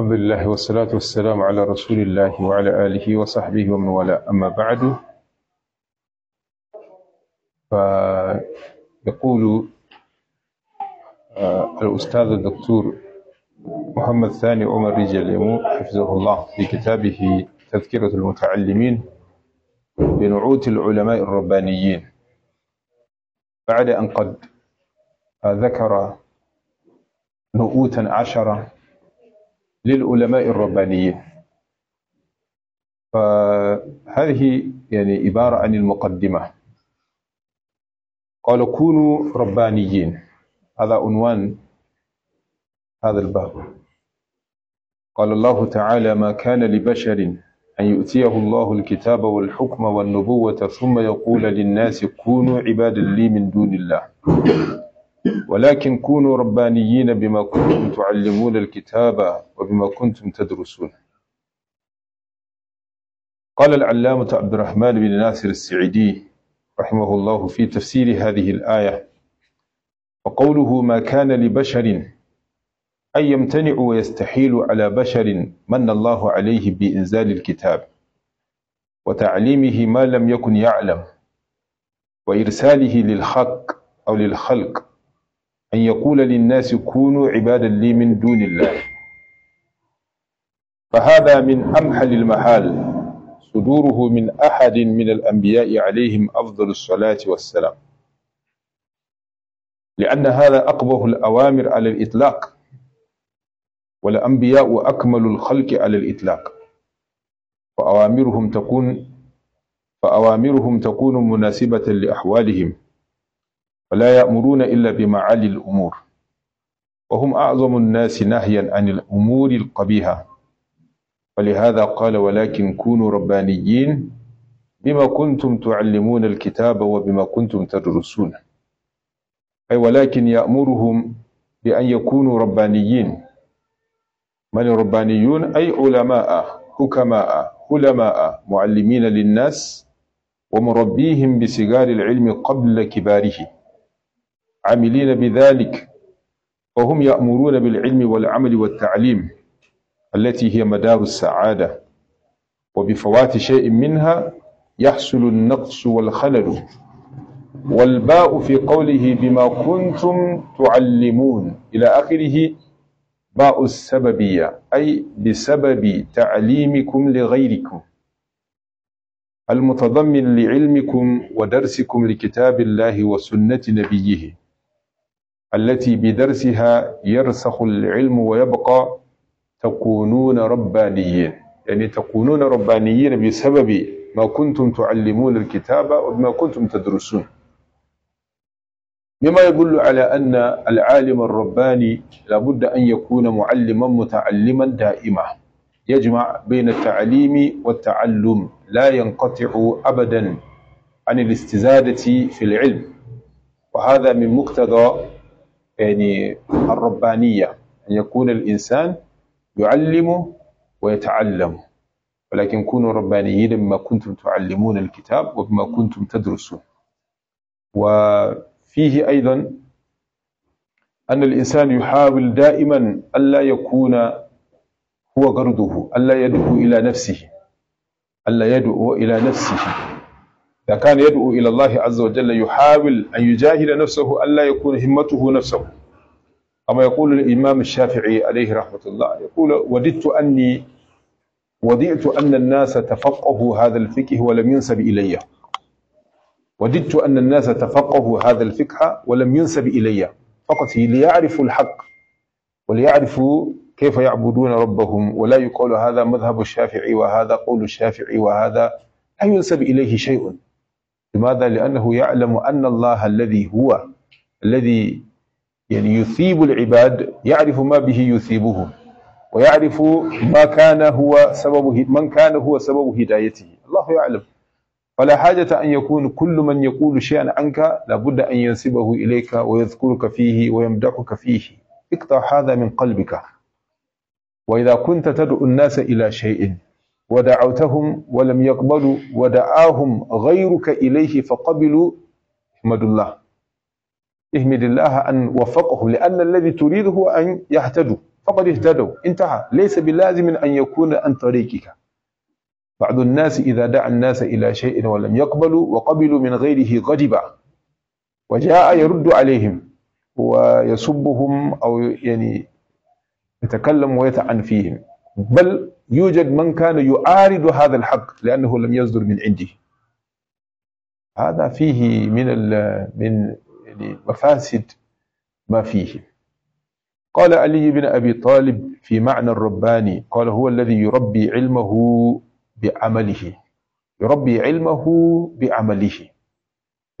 الحمد لله والصلاة والسلام على رسول الله وعلى آله وصحبه ومن والاه أما بعد فيقول آه، الأستاذ الدكتور محمد ثاني عمر رجليمو حفظه الله في كتابه تذكرة المتعلمين بنعوت العلماء الربانيين بعد أن قد آه، ذكر نؤوتا عشرة للعلماء الربانيين فهذه يعني عبارة عن المقدمة قال كونوا ربانيين هذا عنوان هذا الباب قال الله تعالى ما كان لبشر أن يؤتيه الله الكتاب والحكم والنبوة ثم يقول للناس كونوا عبادا لي من دون الله ولكن كونوا ربانيين بما كنتم تعلمون الكتاب وبما كنتم تدرسون قال العلامة عبد الرحمن بن ناصر السعدي رحمه الله في تفسير هذه الآية وقوله ما كان لبشر أن يمتنع ويستحيل على بشر من الله عليه بإنزال الكتاب وتعليمه ما لم يكن يعلم وإرساله للحق أو للخلق أن يقول للناس كونوا عبادا لي من دون الله فهذا من أمحل المحال صدوره من أحد من الأنبياء عليهم أفضل الصلاة والسلام لأن هذا أقبه الأوامر على الإطلاق والأنبياء أكمل الخلق على الإطلاق فأوامرهم تكون فأوامرهم تكون مناسبة لأحوالهم ولا يأمرون إلا بمعالي الأمور وهم أعظم الناس نهيا عن الأمور القبيحة ولهذا قال ولكن كونوا ربانيين بما كنتم تعلمون الكتاب وبما كنتم تدرسون أي ولكن يأمرهم بأن يكونوا ربانيين من ربانيون أي علماء حكماء علماء معلمين للناس ومربيهم بسجار العلم قبل كباره عاملين بذلك فهم يأمرون بالعلم والعمل والتعليم التي هي مدار السعادة وبفوات شيء منها يحصل النقص والخلل والباء في قوله بما كنتم تعلمون إلى آخره باء السببية أي بسبب تعليمكم لغيركم المتضمن لعلمكم ودرسكم لكتاب الله وسنة نبيه التي بدرسها يرسخ العلم ويبقى تكونون ربانيين يعني تكونون ربانيين بسبب ما كنتم تعلمون الكتاب وما كنتم تدرسون مما يدل على أن العالم الرباني لابد أن يكون معلما متعلما دائما يجمع بين التعليم والتعلم لا ينقطع أبدا عن الاستزادة في العلم وهذا من مقتضى يعني الربانية أن يكون الإنسان يعلم ويتعلم ولكن كونوا ربانيين بما كنتم تعلمون الكتاب وبما كنتم تدرسون وفيه أيضا أن الإنسان يحاول دائما ألا يكون هو غرضه ألا يدعو إلى نفسه ألا يدعو إلى نفسه كان يدعو إلى الله عز وجل يحاول أن يجاهد نفسه ألا يكون همته نفسه أما يقول الإمام الشافعي عليه رحمة الله يقول وددت أني ودئت أن الناس تفقهوا هذا الفقه ولم ينسب إلي وددت أن الناس تفقهوا هذا الفقه ولم ينسب إلي فقط ليعرفوا الحق وليعرفوا كيف يعبدون ربهم ولا يقال هذا مذهب الشافعي وهذا قول الشافعي وهذا لا ينسب إليه شيء لماذا؟ لأنه يعلم أن الله الذي هو الذي يعني يثيب العباد يعرف ما به يثيبهم ويعرف ما كان هو سبب من كان هو سبب هدايته الله يعلم فلا حاجة أن يكون كل من يقول شيئا عنك لابد أن ينسبه إليك ويذكرك فيه ويمدحك فيه اقطع هذا من قلبك وإذا كنت تدعو الناس إلى شيء ودعوتهم ولم يقبلوا ودعاهم غيرك إليه فقبلوا احمد الله احمد الله أن وفقهم لأن الذي تريده هو أن يهتدوا فقد اهتدوا انتهى ليس بلازم أن يكون عن طريقك بعض الناس إذا دعا الناس إلى شيء ولم يقبلوا وقبلوا من غيره غضبا وجاء يرد عليهم ويسبهم أو يعني يتكلم ويتعن فيهم بل يوجد من كان يعارض هذا الحق لأنه لم يصدر من عندي هذا فيه من من يعني مفاسد ما فيه قال علي بن أبي طالب في معنى الرباني قال هو الذي يربي علمه بعمله يربي علمه بعمله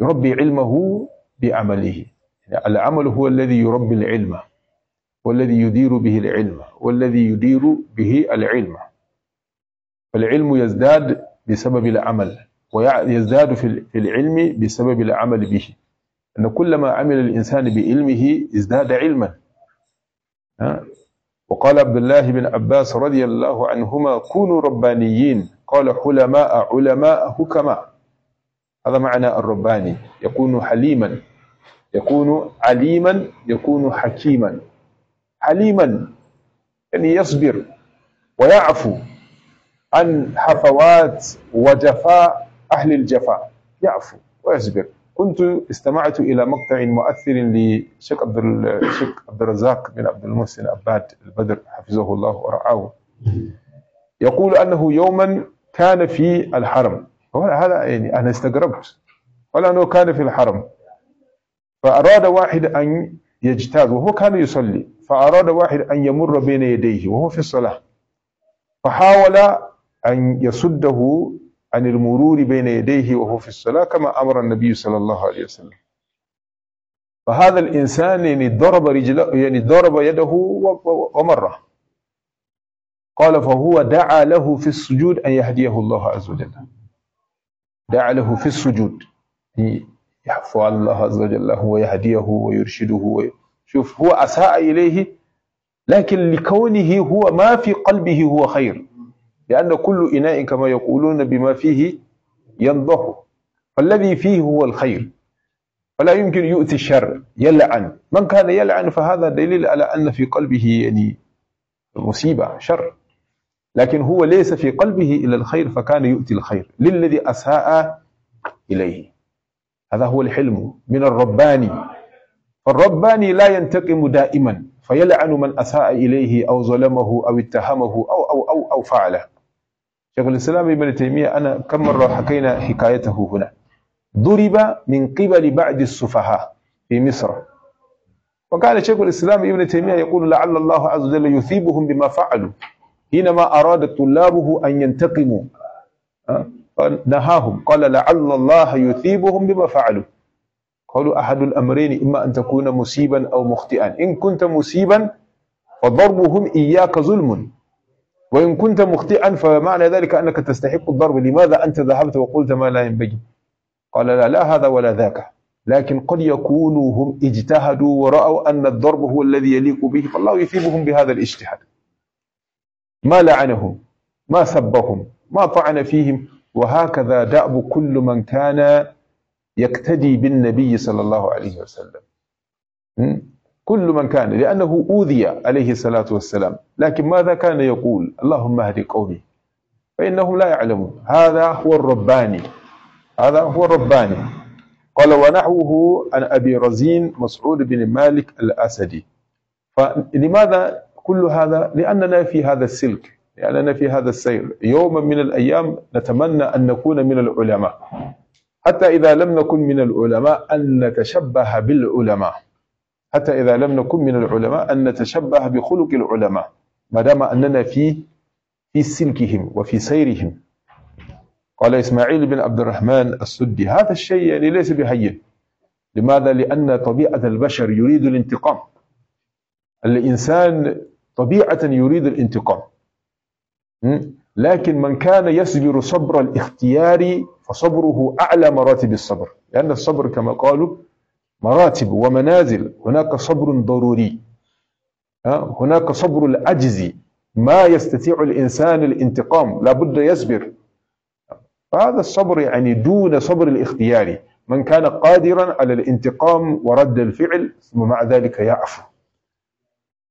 يربي علمه بعمله يعني العمل هو الذي يربي العلم والذي يدير به العلم والذي يدير به العلم فالعلم يزداد بسبب العمل ويزداد في العلم بسبب العمل به أن كلما عمل الإنسان بعلمه ازداد علما وقال عبد الله بن عباس رضي الله عنهما كونوا ربانيين قال حلماء علماء حكماء هذا معنى الرباني يكون حليما يكون عليما يكون حكيما حليما يعني يصبر ويعفو عن حفوات وجفاء أهل الجفاء يعفو ويصبر كنت استمعت إلى مقطع مؤثر لشيخ عبد الشيخ عبد الرزاق بن عبد المحسن عباد البدر حفظه الله ورعاه يقول أنه يوما كان في الحرم هذا يعني أنا استغربت ولا أنه كان في الحرم فأراد واحد أن يجتاز وهو كان يصلي فأراد واحد أن يمر بين يديه وهو في الصلاة فحاول أن يصده عن المرور بين يديه وهو في الصلاة كما أمر النبي صلى الله عليه وسلم فهذا الإنسان يعني ضرب رجله يعني ضرب يده ومره قال فهو دعا له في السجود أن يهديه الله عز وجل دعا له في السجود يعني يحفظ الله عز وجل ويهديه ويرشده شوف هو أساء إليه لكن لكونه هو ما في قلبه هو خير لأن كل إناء كما يقولون بما فيه ينضح فالذي فيه هو الخير فلا يمكن يؤتي الشر يلعن من كان يلعن فهذا دليل على أن في قلبه يعني مصيبة شر لكن هو ليس في قلبه إلا الخير فكان يؤتي الخير للذي أساء إليه هذا هو الحلم من الرباني فالرباني لا ينتقم دائما فيلعن من أساء إليه أو ظلمه أو اتهمه أو أو أو أو فعله شيخ الإسلام ابن تيمية أنا كم مرة حكينا حكايته هنا ضرب من قبل بعض السفهاء في مصر وكان شيخ الإسلام ابن تيمية يقول لعل الله عز وجل يثيبهم بما فعلوا حينما أراد طلابه أن ينتقموا آه، نهاهم قال لعل الله يثيبهم بما فعلوا قالوا أحد الأمرين إما أن تكون مصيبا أو مخطئا إن كنت مصيبا فضربهم إياك ظلم وإن كنت مخطئا فمعنى ذلك أنك تستحق الضرب لماذا أنت ذهبت وقلت ما لا ينبغي قال لا لا هذا ولا ذاك لكن قد يكونوا هم اجتهدوا ورأوا أن الضرب هو الذي يليق به فالله يثيبهم بهذا الاجتهاد ما لعنهم ما سبهم ما طعن فيهم وهكذا دأب كل من كان يقتدي بالنبي صلى الله عليه وسلم كل من كان لأنه أوذي عليه الصلاة والسلام لكن ماذا كان يقول اللهم اهد قومي فإنهم لا يعلمون هذا هو الرباني هذا هو الرباني قال ونحوه عن أبي رزين مسعود بن مالك الأسدي فلماذا كل هذا لأننا في هذا السلك لأننا في هذا السير يوما من الأيام نتمنى أن نكون من العلماء حتى إذا لم نكن من العلماء أن نتشبه بالعلماء حتى إذا لم نكن من العلماء أن نتشبه بخلق العلماء ما دام أننا في في سلكهم وفي سيرهم قال إسماعيل بن عبد الرحمن السدي هذا الشيء يعني ليس بهين لماذا؟ لأن طبيعة البشر يريد الانتقام الإنسان طبيعة يريد الانتقام لكن من كان يصبر صبر الاختيار فصبره أعلى مراتب الصبر لأن الصبر كما قالوا مراتب ومنازل هناك صبر ضروري هناك صبر العجز ما يستطيع الإنسان الانتقام لابد يصبر فهذا الصبر يعني دون صبر الاختياري من كان قادرا على الانتقام ورد الفعل ثم مع ذلك يعفو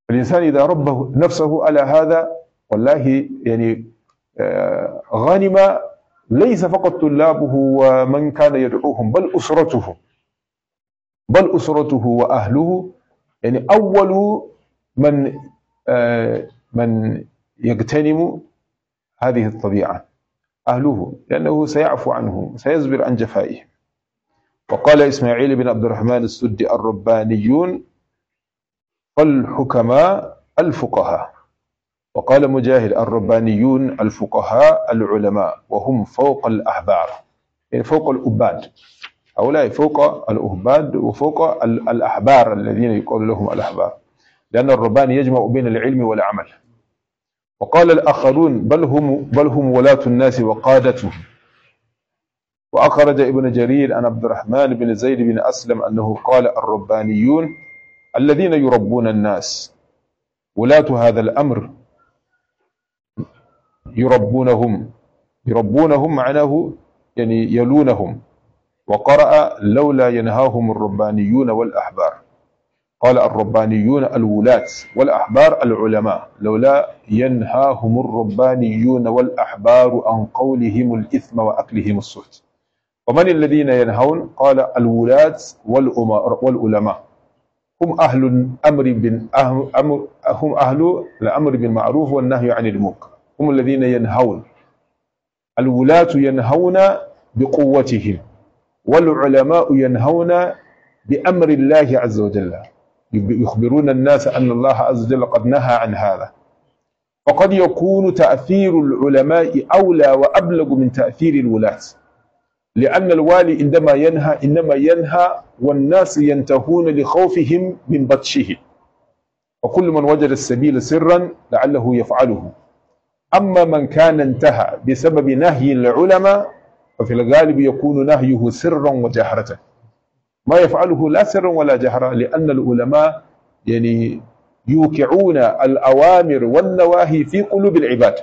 الإنسان إذا ربه نفسه على هذا والله يعني آه، غنم ليس فقط طلابه ومن كان يدعوهم بل أسرته بل أسرته وأهله يعني أول من آه، من يغتنم هذه الطبيعة أهله لأنه سيعفو عنهم سيزبر عن جفائهم وقال إسماعيل بن عبد الرحمن السدي الربانيون فالحكماء الفقهاء وقال مجاهد الربانيون الفقهاء العلماء وهم فوق الأحبار يعني فوق الأباد هؤلاء فوق الأباد وفوق الأحبار الذين يقول لهم الأحبار لأن الربان يجمع بين العلم والعمل وقال الآخرون بل هم, بل هم ولاة الناس وقادتهم وأخرج ابن جرير عن عبد الرحمن بن زيد بن أسلم أنه قال الربانيون الذين يربون الناس ولاة هذا الأمر يربونهم يربونهم معناه يعني يلونهم وقرأ لولا ينهاهم الربانيون والأحبار قال الربانيون الولاة والأحبار العلماء لولا ينهاهم الربانيون والأحبار عن قولهم الإثم وأكلهم السحت ومن الذين ينهون قال الولاة والعلماء هم أهل الأمر هم أهل الأمر بالمعروف والنهي عن المنكر هم الذين ينهون الولاة ينهون بقوتهم والعلماء ينهون بأمر الله عز وجل يخبرون الناس أن الله عز وجل قد نهى عن هذا وقد يكون تأثير العلماء أولى وأبلغ من تأثير الولاة لأن الوالي عندما ينهى إنما ينهى والناس ينتهون لخوفهم من بطشه وكل من وجد السبيل سرا لعله يفعله أما من كان انتهى بسبب نهي العلماء ففي الغالب يكون نهيه سرا وجهرة ما يفعله لا سرا ولا جهرا لأن العلماء يعني يوقعون الأوامر والنواهي في قلوب العباد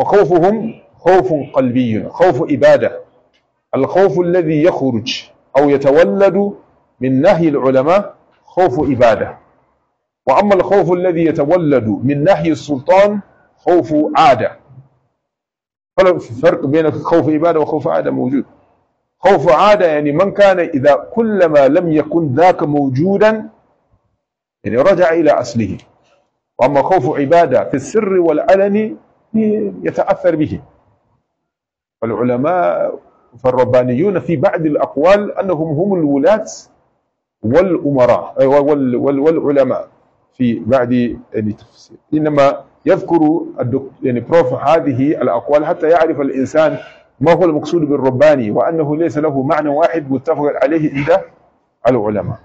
وخوفهم خوف قلبي خوف إبادة الخوف الذي يخرج أو يتولد من نهي العلماء خوف إبادة وأما الخوف الذي يتولد من نهي السلطان خوف عادة فرق بين خوف عبادة وخوف عادة موجود خوف عادة يعني من كان إذا كلما لم يكن ذاك موجودا يعني رجع إلى أصله وأما خوف عبادة في السر والعلن يتأثر به فالعلماء فالربانيون في بعض الأقوال أنهم هم الولاة والأمراء والعلماء في بعض التفسير يعني إنما يذكر يعني بروف هذه الأقوال حتى يعرف الإنسان ما هو المقصود بالرباني وأنه ليس له معنى واحد متفق عليه عند العلماء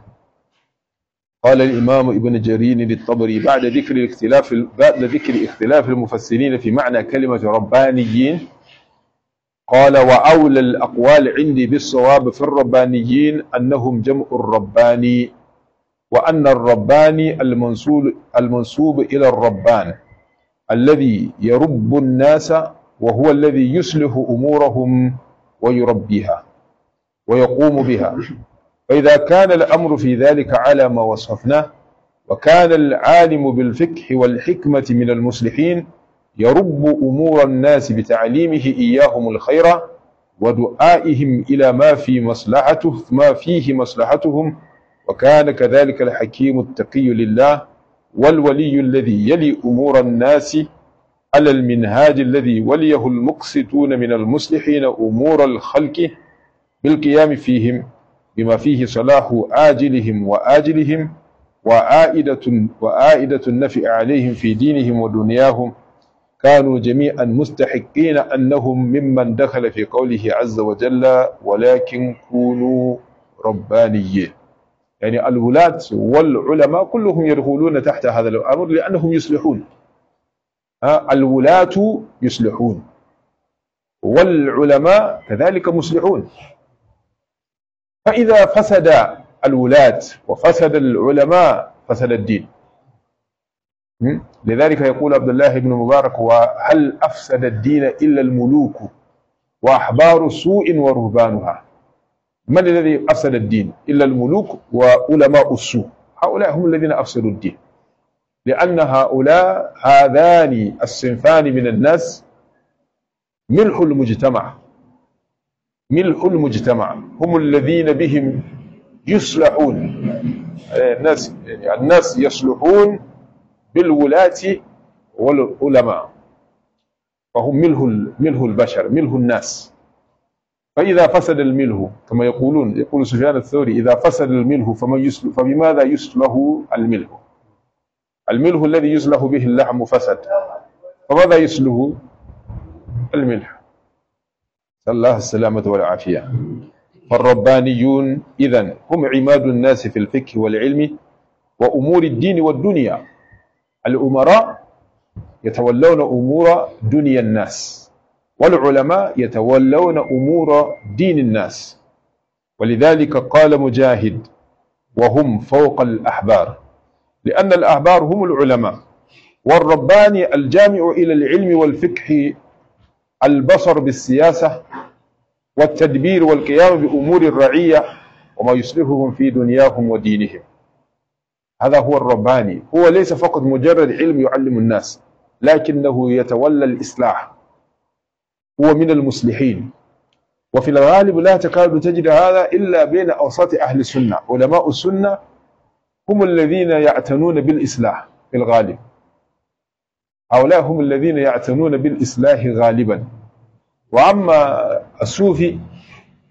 قال الإمام ابن جرير للطبري بعد ذكر الاختلاف بعد ذكر اختلاف المفسرين في معنى كلمة ربانيين قال وأولى الأقوال عندي بالصواب في الربانيين أنهم جمع الرباني وأن الرباني المنسوب المنسوب إلى الربان الذي يرب الناس وهو الذي يصلح أمورهم ويربيها ويقوم بها فإذا كان الأمر في ذلك على ما وصفناه وكان العالم بالفقه والحكمة من المصلحين يرب أمور الناس بتعليمه إياهم الخير ودعائهم إلى ما في مصلحته ما فيه مصلحتهم وكان كذلك الحكيم التقي لله والولي الذي يلي أمور الناس على المنهاج الذي وليه المقسطون من المصلحين أمور الخلق بالقيام فيهم بما فيه صلاح آجلهم وآجلهم وآئدة, وآئدة النفع عليهم في دينهم ودنياهم كانوا جميعا مستحقين أنهم ممن دخل في قوله عز وجل ولكن كونوا ربانيين يعني الولاة والعلماء كلهم يدخلون تحت هذا الأمر لأنهم يصلحون الولاة يصلحون والعلماء كذلك مصلحون فإذا فسد الولاة وفسد العلماء فسد الدين لذلك يقول عبد الله بن مبارك وهل أفسد الدين إلا الملوك وأحبار سوء ورهبانها من الذي أفسد الدين إلا الملوك وعلماء السوء هؤلاء هم الذين أفسدوا الدين لأن هؤلاء هذان الصنفان من الناس ملح المجتمع ملح المجتمع هم الذين بهم يصلحون آه، الناس يعني الناس يصلحون بالولاة والعلماء فهم ملح ملح البشر ملح الناس فإذا فسد المله كما يقولون يقول سفيان الثوري إذا فسد المله فمن يسل فبماذا يسله المله المله الذي يسله به اللحم فسد فماذا يسله الملح نسأل الله السلامة والعافية فالربانيون إذا هم عماد الناس في الفقه والعلم وأمور الدين والدنيا الأمراء يتولون أمور دنيا الناس والعلماء يتولون أمور دين الناس ولذلك قال مجاهد وهم فوق الأحبار لأن الأحبار هم العلماء والرباني الجامع إلى العلم والفقه البصر بالسياسة والتدبير والقيام بأمور الرعية وما يصلحهم في دنياهم ودينهم هذا هو الرباني هو ليس فقط مجرد علم يعلم الناس لكنه يتولى الإصلاح هو من المصلحين وفي الغالب لا تكاد تجد هذا إلا بين أوساط أهل السنة علماء السنة هم الذين يعتنون بالإصلاح في الغالب هؤلاء هم الذين يعتنون بالإصلاح غالبا وأما الصوفي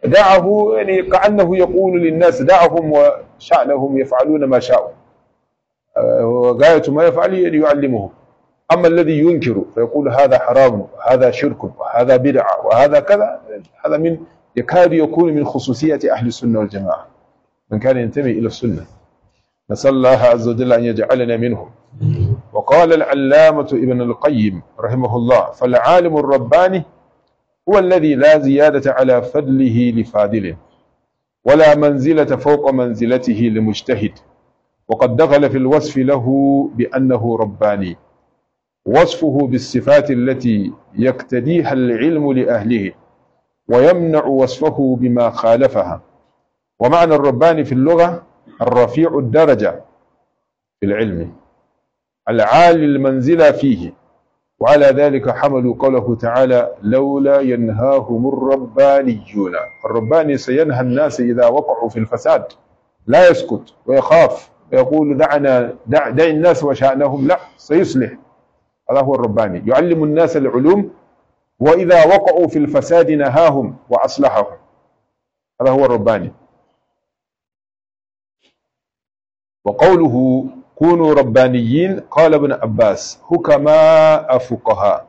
دعه يعني كأنه يقول للناس دعهم وشأنهم يفعلون ما شاءوا آه، وغاية ما يفعل أن يعني يعلمهم أما الذي ينكر فيقول هذا حرام وهذا شرك وهذا بدعة وهذا كذا هذا من يكاد يكون من خصوصية أهل السنة والجماعة من كان ينتمي إلى السنة نسأل الله عز وجل أن يجعلنا منهم وقال العلامة ابن القيم رحمه الله فالعالم الرباني هو الذي لا زيادة على فضله لفاضل ولا منزلة فوق منزلته لمجتهد وقد دخل في الوصف له بأنه رباني وصفه بالصفات التي يقتديها العلم لأهله ويمنع وصفه بما خالفها ومعنى الرباني في اللغة الرفيع الدرجة في العلم العالي المنزلة فيه وعلى ذلك حملوا قوله تعالى لولا ينهاهم الربانيون الرباني سينهى الناس إذا وقعوا في الفساد لا يسكت ويخاف ويقول دعنا دع, دع الناس وشأنهم لا سيصلح هذا هو الرباني يعلم الناس العلوم وإذا وقعوا في الفساد نهاهم وأصلحهم هذا هو الرباني وقوله كونوا ربانيين قال ابن عباس حكماء فقهاء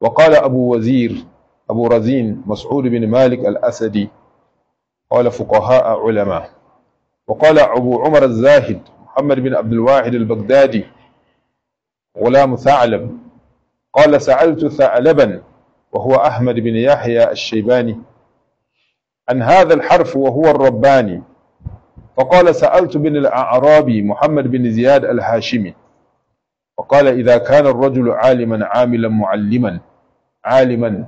وقال أبو وزير أبو رزين مسعود بن مالك الأسدي قال فقهاء علماء وقال أبو عمر الزاهد محمد بن عبد الواحد البغدادي غلام ثعلب قال سألت ثعلبا وهو أحمد بن يحيى الشيباني عن هذا الحرف وهو الرباني فقال سألت بن الأعرابي محمد بن زياد الهاشمي فقال إذا كان الرجل عالما عاملا معلما عالما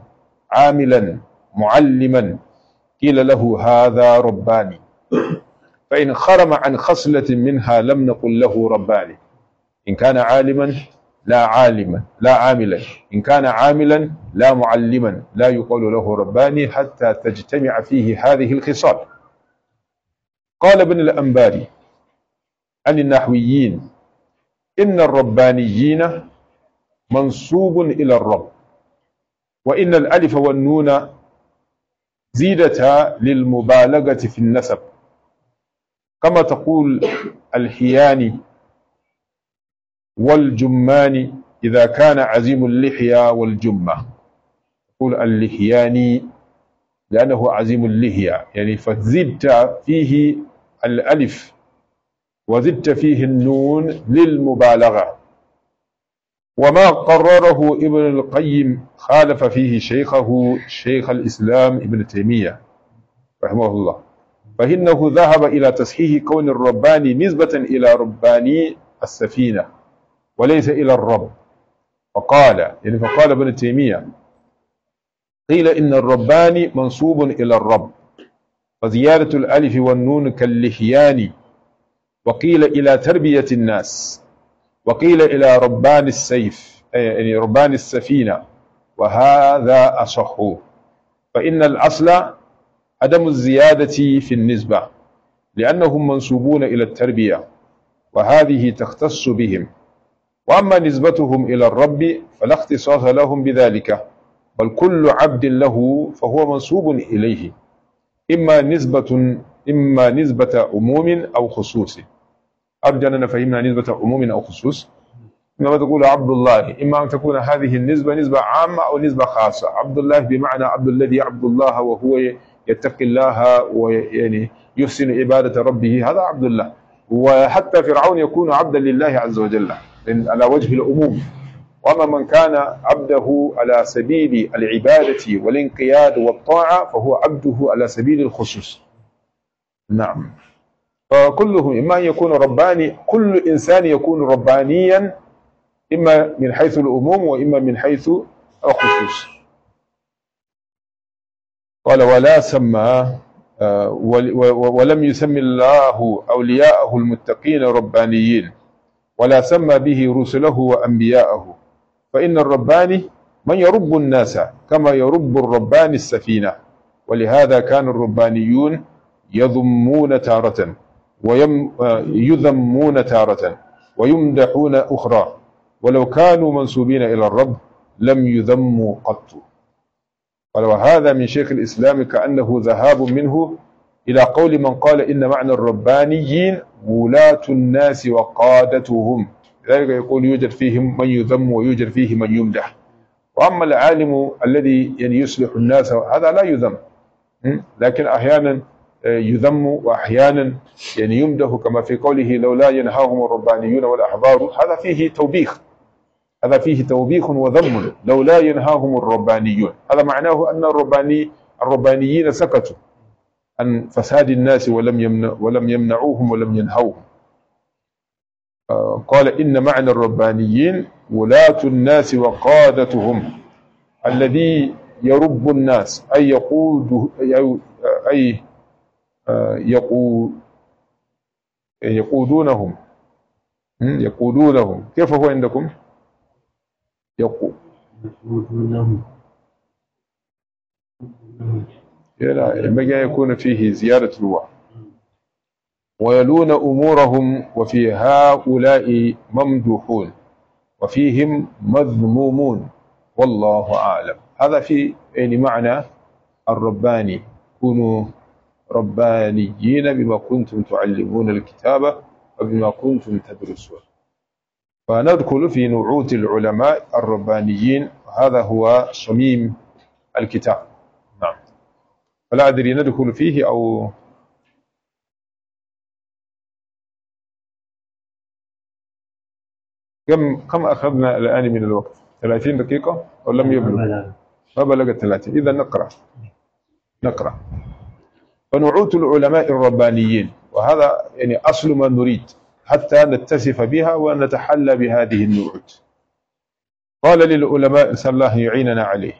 عاملا معلما قيل له هذا رباني فإن خرم عن خصلة منها لم نقل له رباني إن كان عالما لا عالما لا عاملا إن كان عاملا لا معلما لا يقال له رباني حتى تجتمع فيه هذه الخصال قال ابن الأنباري عن النحويين إن الربانيين منصوب إلى الرب وإن الألف والنون زيدتا للمبالغة في النسب كما تقول الحياني والجمان إذا كان عزيم اللحية والجمة قل اللحيان لأنه عزيم اللحية يعني فزدت فيه الألف وزدت فيه النون للمبالغة وما قرره ابن القيم خالف فيه شيخه شيخ الإسلام ابن تيمية رحمه الله فإنه ذهب إلى تصحيح كون الرباني نسبة إلى رباني السفينة وليس إلى الرب فقال يعني فقال ابن تيمية قيل إن الرباني منصوب إلى الرب وزيادة الألف والنون كاللحيان وقيل إلى تربية الناس وقيل إلى ربان السيف يعني ربان السفينة وهذا أصح فإن الأصل عدم الزيادة في النسبة لأنهم منسوبون إلى التربية وهذه تختص بهم وأما نسبتهم إلى الرب فلا اختصاص لهم بذلك بل كل عبد له فهو منسوب إليه إما نسبة إما نسبة عموم أو خصوص أرجو أننا فهمنا نسبة عموم أو خصوص إنما تقول عبد الله إما أن تكون هذه النسبة نسبة عامة أو نسبة خاصة عبد الله بمعنى عبد الذي يعبد الله وهو يتقي الله ويعني يحسن عبادة ربه هذا عبد الله وحتى فرعون يكون عبدا لله عز وجل على وجه الأموم وأما من كان عبده على سبيل العبادة والانقياد والطاعة فهو عبده على سبيل الخصوص نعم فكلهم إما أن يكون رباني كل إنسان يكون ربانيا إما من حيث الأموم وإما من حيث الخصوص قال ولا سمى آه، ولم يسمي الله أولياءه المتقين ربانيين ولا سمى به رسله وأنبياءه فإن الرباني من يرب الناس كما يرب الربان السفينة ولهذا كان الربانيون يذمون تارة ويذمون تارة ويمدحون أخرى ولو كانوا منسوبين إلى الرب لم يذموا قط قال وهذا من شيخ الإسلام كأنه ذهاب منه إلى قول من قال إن معنى الربانيين ولاة الناس وقادتهم ذلك يقول يوجد فيهم من يذم ويوجد فيه من يمدح وأما العالم الذي يعني يصلح الناس هذا لا يذم لكن أحيانا آه، يذم وأحيانا يعني يمدح كما في قوله لولا ينهاهم الربانيون والأحبار هذا فيه توبيخ هذا فيه توبيخ وذم لولا ينهاهم الربانيون هذا معناه أن الرباني الربانيين سكتوا عن فساد الناس ولم يمنع ولم يمنعوهم ولم ينهوهم آه، قال إن معنى الربانيين ولاة الناس وقادتهم الذي يرب الناس أي يقود أي آه، يقود يقودونهم يقودونهم كيف هو عندكم يقودونهم ينبغي أن يكون فيه زيادة الوعي ويلون أمورهم وفي هؤلاء ممدوحون وفيهم مذمومون والله أعلم هذا في يعني معنى الرباني كونوا ربانيين بما كنتم تعلمون الكتابة وبما كنتم تدرسون فندخل في نعوت العلماء الربانيين هذا هو صميم الكتاب فلا أدري ندخل فيه أو كم كم أخذنا الآن من الوقت 30 دقيقة أو لم يبلغ ما بلغت 30 إذا نقرأ نقرأ فنعوت العلماء الربانيين وهذا يعني أصل ما نريد حتى نتسف بها ونتحلى بهذه النعوت قال للعلماء نسأل الله يعيننا عليه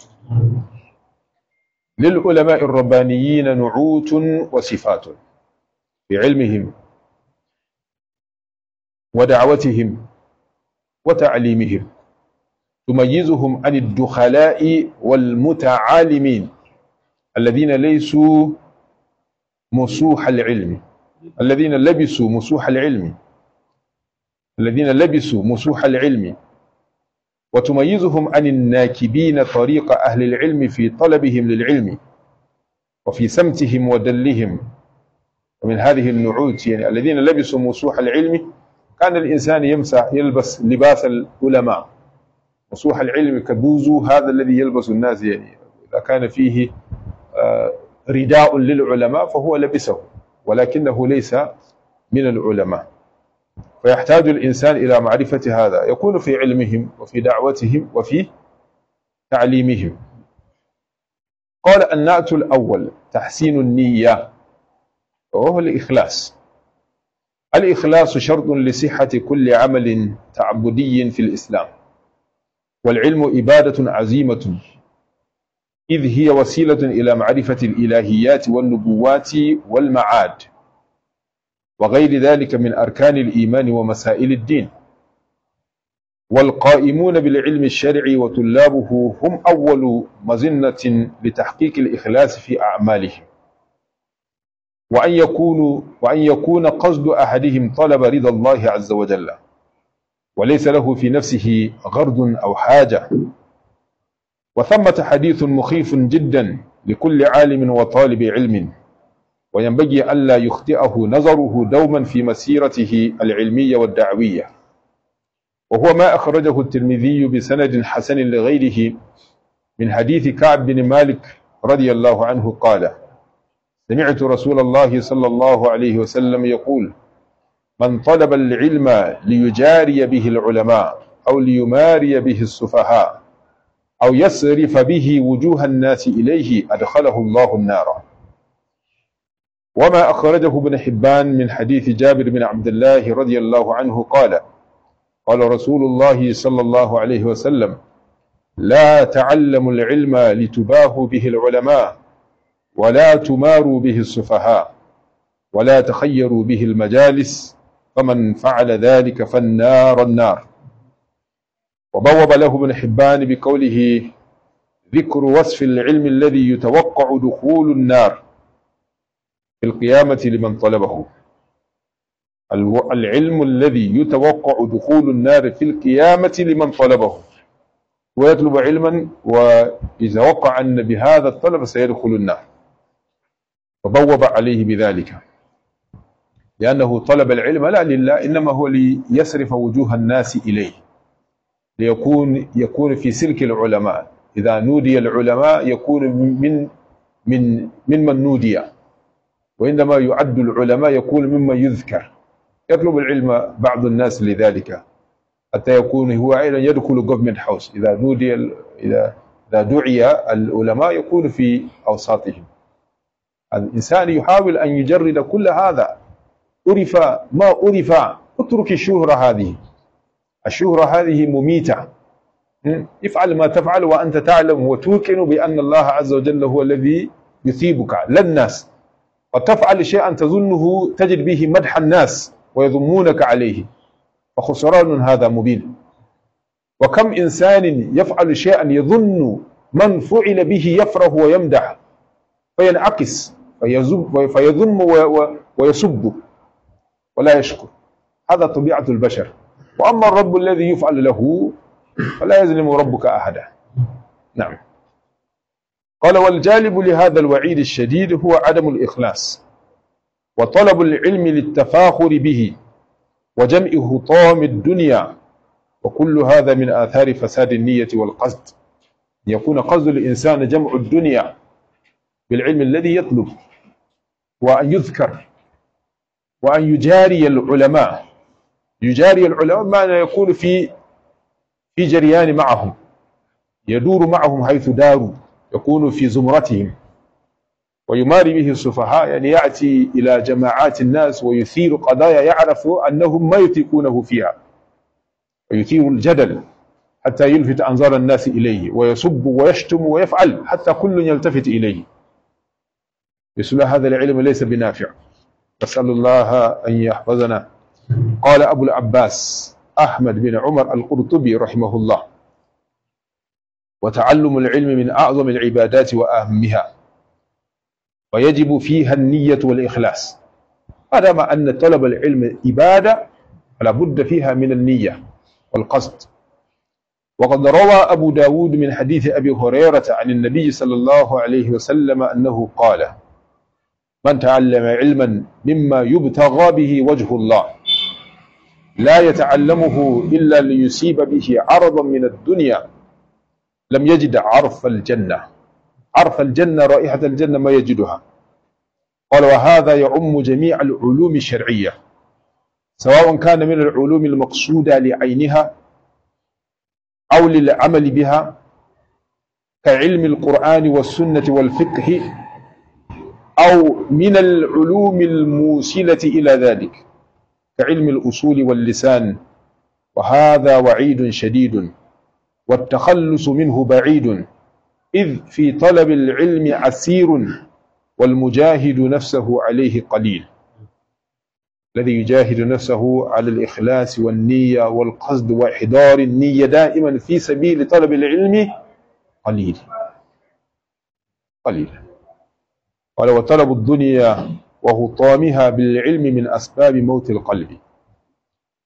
للعلماء الربانيين نعوت وصفات في علمهم ودعوتهم وتعليمهم تميزهم عن الدخلاء والمتعالمين الذين ليسوا مسوح العلم الذين لبسوا مسوح العلم الذين لبسوا مسوح العلم وتميزهم عن الناكبين طريق أهل العلم في طلبهم للعلم وفي سمتهم ودلهم ومن هذه النعوت يعني الذين لبسوا مسوح العلم كان الإنسان يمسح يلبس لباس العلماء مسوح العلم كبوزو هذا الذي يلبس الناس يعني إذا كان فيه آه، رداء للعلماء فهو لبسه ولكنه ليس من العلماء فيحتاج الإنسان إلى معرفة هذا يكون في علمهم وفي دعوتهم وفي تعليمهم قال النأت الأول تحسين النية وهو الإخلاص الإخلاص شرط لصحة كل عمل تعبدي في الإسلام والعلم إبادة عزيمة إذ هي وسيلة إلى معرفة الإلهيات والنبوات والمعاد وغير ذلك من أركان الإيمان ومسائل الدين والقائمون بالعلم الشرعي وطلابه هم أول مزنة لتحقيق الإخلاص في أعمالهم وأن يكون وأن يكون قصد أحدهم طلب رضا الله عز وجل وليس له في نفسه غرض أو حاجة وثمة حديث مخيف جدا لكل عالم وطالب علم وينبغي ألا يخطئه نظره دوما في مسيرته العلمية والدعوية وهو ما أخرجه الترمذي بسند حسن لغيره من حديث كعب بن مالك رضي الله عنه قال سمعت رسول الله صلى الله عليه وسلم يقول من طلب العلم ليجاري به العلماء أو ليماري به السفهاء أو يصرف به وجوه الناس إليه أدخله الله النار وما أخرجه ابن حبان من حديث جابر بن عبد الله رضي الله عنه قال قال رسول الله صلى الله عليه وسلم لا تعلموا العلم لتباهوا به العلماء ولا تماروا به السفهاء ولا تخيروا به المجالس فمن فعل ذلك فالنار النار وبوب له ابن حبان بقوله ذكر وصف العلم الذي يتوقع دخول النار في القيامة لمن طلبه العلم الذي يتوقع دخول النار في القيامة لمن طلبه ويطلب علما وإذا وقع أن بهذا الطلب سيدخل النار فبوب عليه بذلك لأنه طلب العلم لا لله إنما هو ليصرف وجوه الناس إليه ليكون يكون في سلك العلماء إذا نودي العلماء يكون من من من من نودي وإنما يعد العلماء يكون مما يذكر يطلب العلم بعض الناس لذلك حتى يكون هو أيضا يدخل government house إذا نودي إذا إذا دعي العلماء يكون في أوساطهم الإنسان يحاول أن يجرد كل هذا عرف ما عرف اترك الشهرة هذه الشهرة هذه مميتة افعل ما تفعل وأنت تعلم وتوقن بأن الله عز وجل هو الذي يثيبك لا الناس وتفعل شيئا تظنه تجد به مدح الناس ويذمونك عليه فخسران هذا مبين وكم إنسان يفعل شيئا يظن من فعل به يفرح ويمدح فينعكس فيذم ويسب ولا يشكر هذا طبيعة البشر وأما الرب الذي يفعل له فلا يظلم ربك أحدا نعم قال والجالب لهذا الوعيد الشديد هو عدم الإخلاص وطلب العلم للتفاخر به وجمع هطام الدنيا وكل هذا من آثار فساد النية والقصد يكون قصد الإنسان جمع الدنيا بالعلم الذي يطلب وأن يذكر وأن يجاري العلماء يجاري العلماء بمعنى يكون في في جريان معهم يدور معهم حيث داروا يكون في زمرتهم ويماري به السفهاء يعني يأتي إلى جماعات الناس ويثير قضايا يعرف أنهم ما يثيقونه فيها ويثير الجدل حتى يلفت أنظار الناس إليه ويسب ويشتم ويفعل حتى كل يلتفت إليه مثل هذا العلم ليس بنافع أسأل الله أن يحفظنا قال أبو العباس أحمد بن عمر القرطبي رحمه الله وتعلم العلم من أعظم العبادات وأهمها ويجب فيها النية والإخلاص ما أن طلب العلم عبادة فلا بد فيها من النية والقصد وقد روى أبو داود من حديث أبي هريرة عن النبي صلى الله عليه وسلم أنه قال من تعلم علما مما يبتغى به وجه الله لا يتعلمه إلا ليصيب به عرضا من الدنيا لم يجد عرف الجنة عرف الجنة رائحة الجنة ما يجدها قال وهذا يعم جميع العلوم الشرعية سواء كان من العلوم المقصودة لعينها أو للعمل بها كعلم القرآن والسنة والفقه أو من العلوم الموصلة إلى ذلك كعلم الأصول واللسان وهذا وعيد شديد والتخلص منه بعيد إذ في طلب العلم عسير والمجاهد نفسه عليه قليل الذي يجاهد نفسه على الإخلاص والنية والقصد وإحضار النية دائما في سبيل طلب العلم قليل قليل قال وطلب الدنيا وهطامها بالعلم من أسباب موت القلب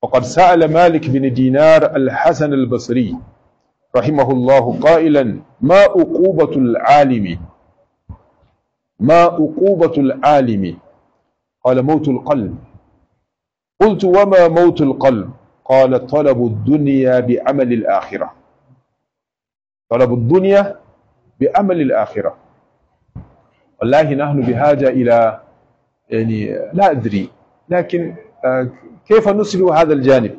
وقد سأل مالك بن دينار الحسن البصري رحمه الله قائلا ما عقوبة العالم ما عقوبة العالم قال موت القلب قلت وما موت القلب قال طلب الدنيا بعمل الآخرة طلب الدنيا بعمل الآخرة والله نحن بحاجة إلى يعني لا أدري لكن آه، كيف نسلو هذا الجانب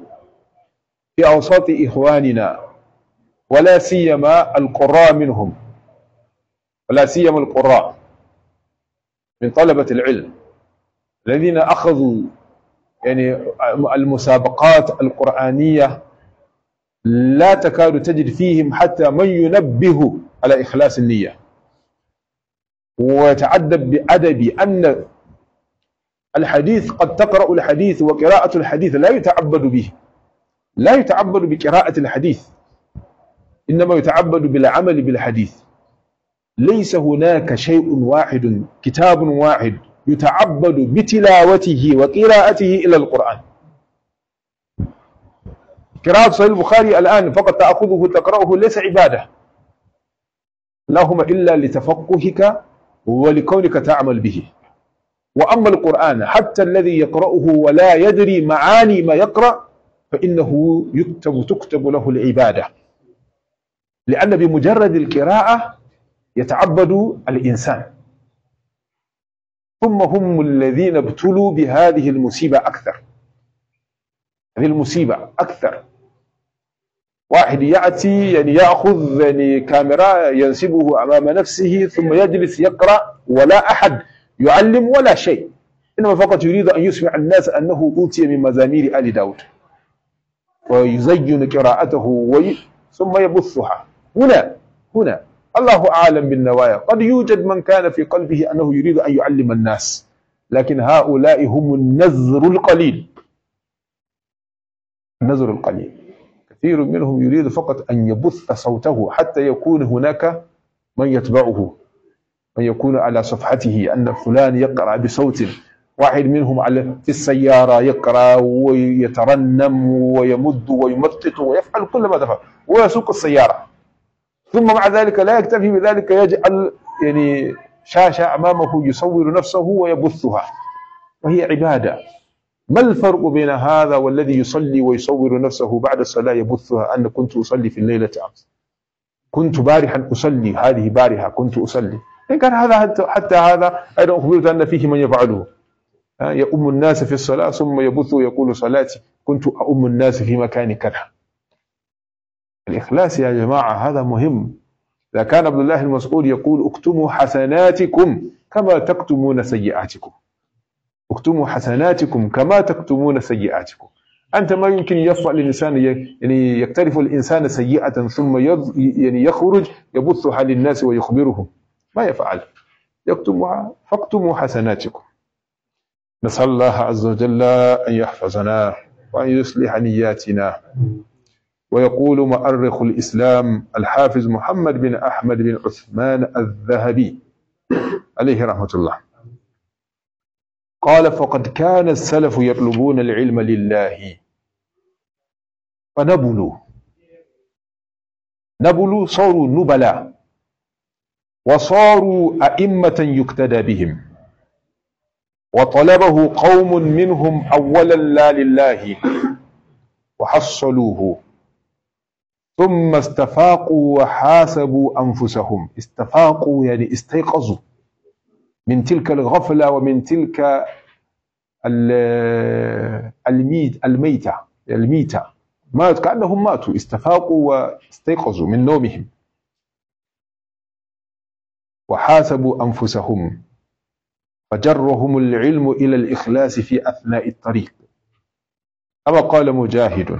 في أوساط إخواننا ولا سيما القراء منهم ولا سيما القراء من طلبة العلم الذين أخذوا يعني المسابقات القرآنية لا تكاد تجد فيهم حتى من ينبه على إخلاص النية ويتعدب بأدب أن الحديث قد تقرأ الحديث وقراءة الحديث لا يتعبد به لا يتعبد بقراءة الحديث إنما يتعبد بالعمل بالحديث ليس هناك شيء واحد كتاب واحد يتعبد بتلاوته وقراءته إلى القرآن قراءة صحيح البخاري الآن فقط تأخذه تقرأه ليس عبادة اللهم إلا لتفقهك ولكونك تعمل به وأما القرآن حتى الذي يقرأه ولا يدري معاني ما يقرأ فإنه يكتب تكتب له العبادة لأن بمجرد القراءة يتعبد الإنسان ثم هم الذين ابتلوا بهذه المصيبة أكثر هذه المصيبة أكثر واحد يأتي يعني يأخذ يعني كاميرا ينسبه أمام نفسه ثم يجلس يقرأ ولا أحد يعلم ولا شيء إنما فقط يريد أن يسمع الناس أنه أوتي من مزامير آل داود ويزين قراءته وي ثم يبثها هنا هنا الله أعلم بالنوايا قد يوجد من كان في قلبه أنه يريد أن يعلم الناس لكن هؤلاء هم النذر القليل النذر القليل كثير منهم يريد فقط أن يبث صوته حتى يكون هناك من يتبعه من يكون على صفحته أن فلان يقرأ بصوت واحد منهم على في السيارة يقرأ ويترنم ويمد ويمطط ويفعل كل ما تفعل ويسوق السيارة ثم مع ذلك لا يكتفي بذلك يجعل يعني شاشة أمامه يصور نفسه ويبثها وهي عبادة ما الفرق بين هذا والذي يصلي ويصور نفسه بعد الصلاة يبثها أن كنت أصلي في الليلة أمس كنت بارحا أصلي هذه بارحة كنت أصلي إن كان هذا حتى, هذا أيضا أخبرت أن فيه من يفعله يؤم الناس في الصلاة ثم يبث ويقول صلاتي كنت أؤم الناس في مكان كذا الإخلاص يا جماعة هذا مهم إذا كان عبد الله المسعود يقول اكتموا حسناتكم كما تكتمون سيئاتكم اكتموا حسناتكم كما تكتمون سيئاتكم أنت ما يمكن يصنع للإنسان يعني يقترف الإنسان سيئة ثم يعني يخرج يبثها للناس ويخبرهم ما يفعل يكتمها فاكتموا حسناتكم نسأل الله عز وجل أن يحفظنا وأن يصلح نياتنا ويقول مؤرخ الإسلام الحافظ محمد بن أحمد بن عثمان الذهبي عليه رحمة الله قال فقد كان السلف يطلبون العلم لله فنبلوا نبلوا صاروا نبلا وصاروا أئمة يقتدى بهم وطلبه قوم منهم أولا لا لله وحصلوه ثم استفاقوا وحاسبوا أنفسهم استفاقوا يعني استيقظوا من تلك الغفلة ومن تلك الميت الميتة الميتة مات كأنهم ماتوا استفاقوا واستيقظوا من نومهم وحاسبوا أنفسهم فجرهم العلم إلى الإخلاص في أثناء الطريق كما قال مجاهد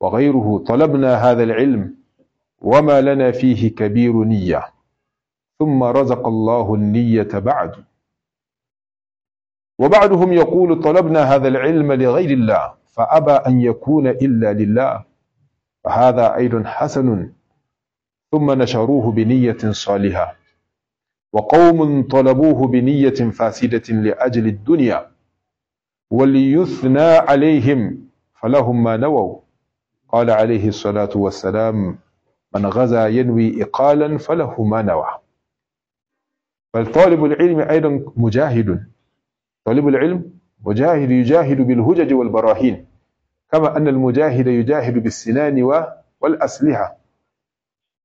وغيره طلبنا هذا العلم وما لنا فيه كبير نية ثم رزق الله النية بعد وبعدهم يقول طلبنا هذا العلم لغير الله فأبى أن يكون إلا لله فهذا أيضا حسن ثم نشروه بنية صالحة وقوم طلبوه بنية فاسدة لأجل الدنيا وليثنى عليهم فلهم ما نووا قال عليه الصلاة والسلام من غزا ينوي إقالا فله ما نوى فالطالب العلم أيضا مجاهد طالب العلم مجاهد يجاهد بالهجج والبراهين كما أن المجاهد يجاهد بالسنان والأسلحة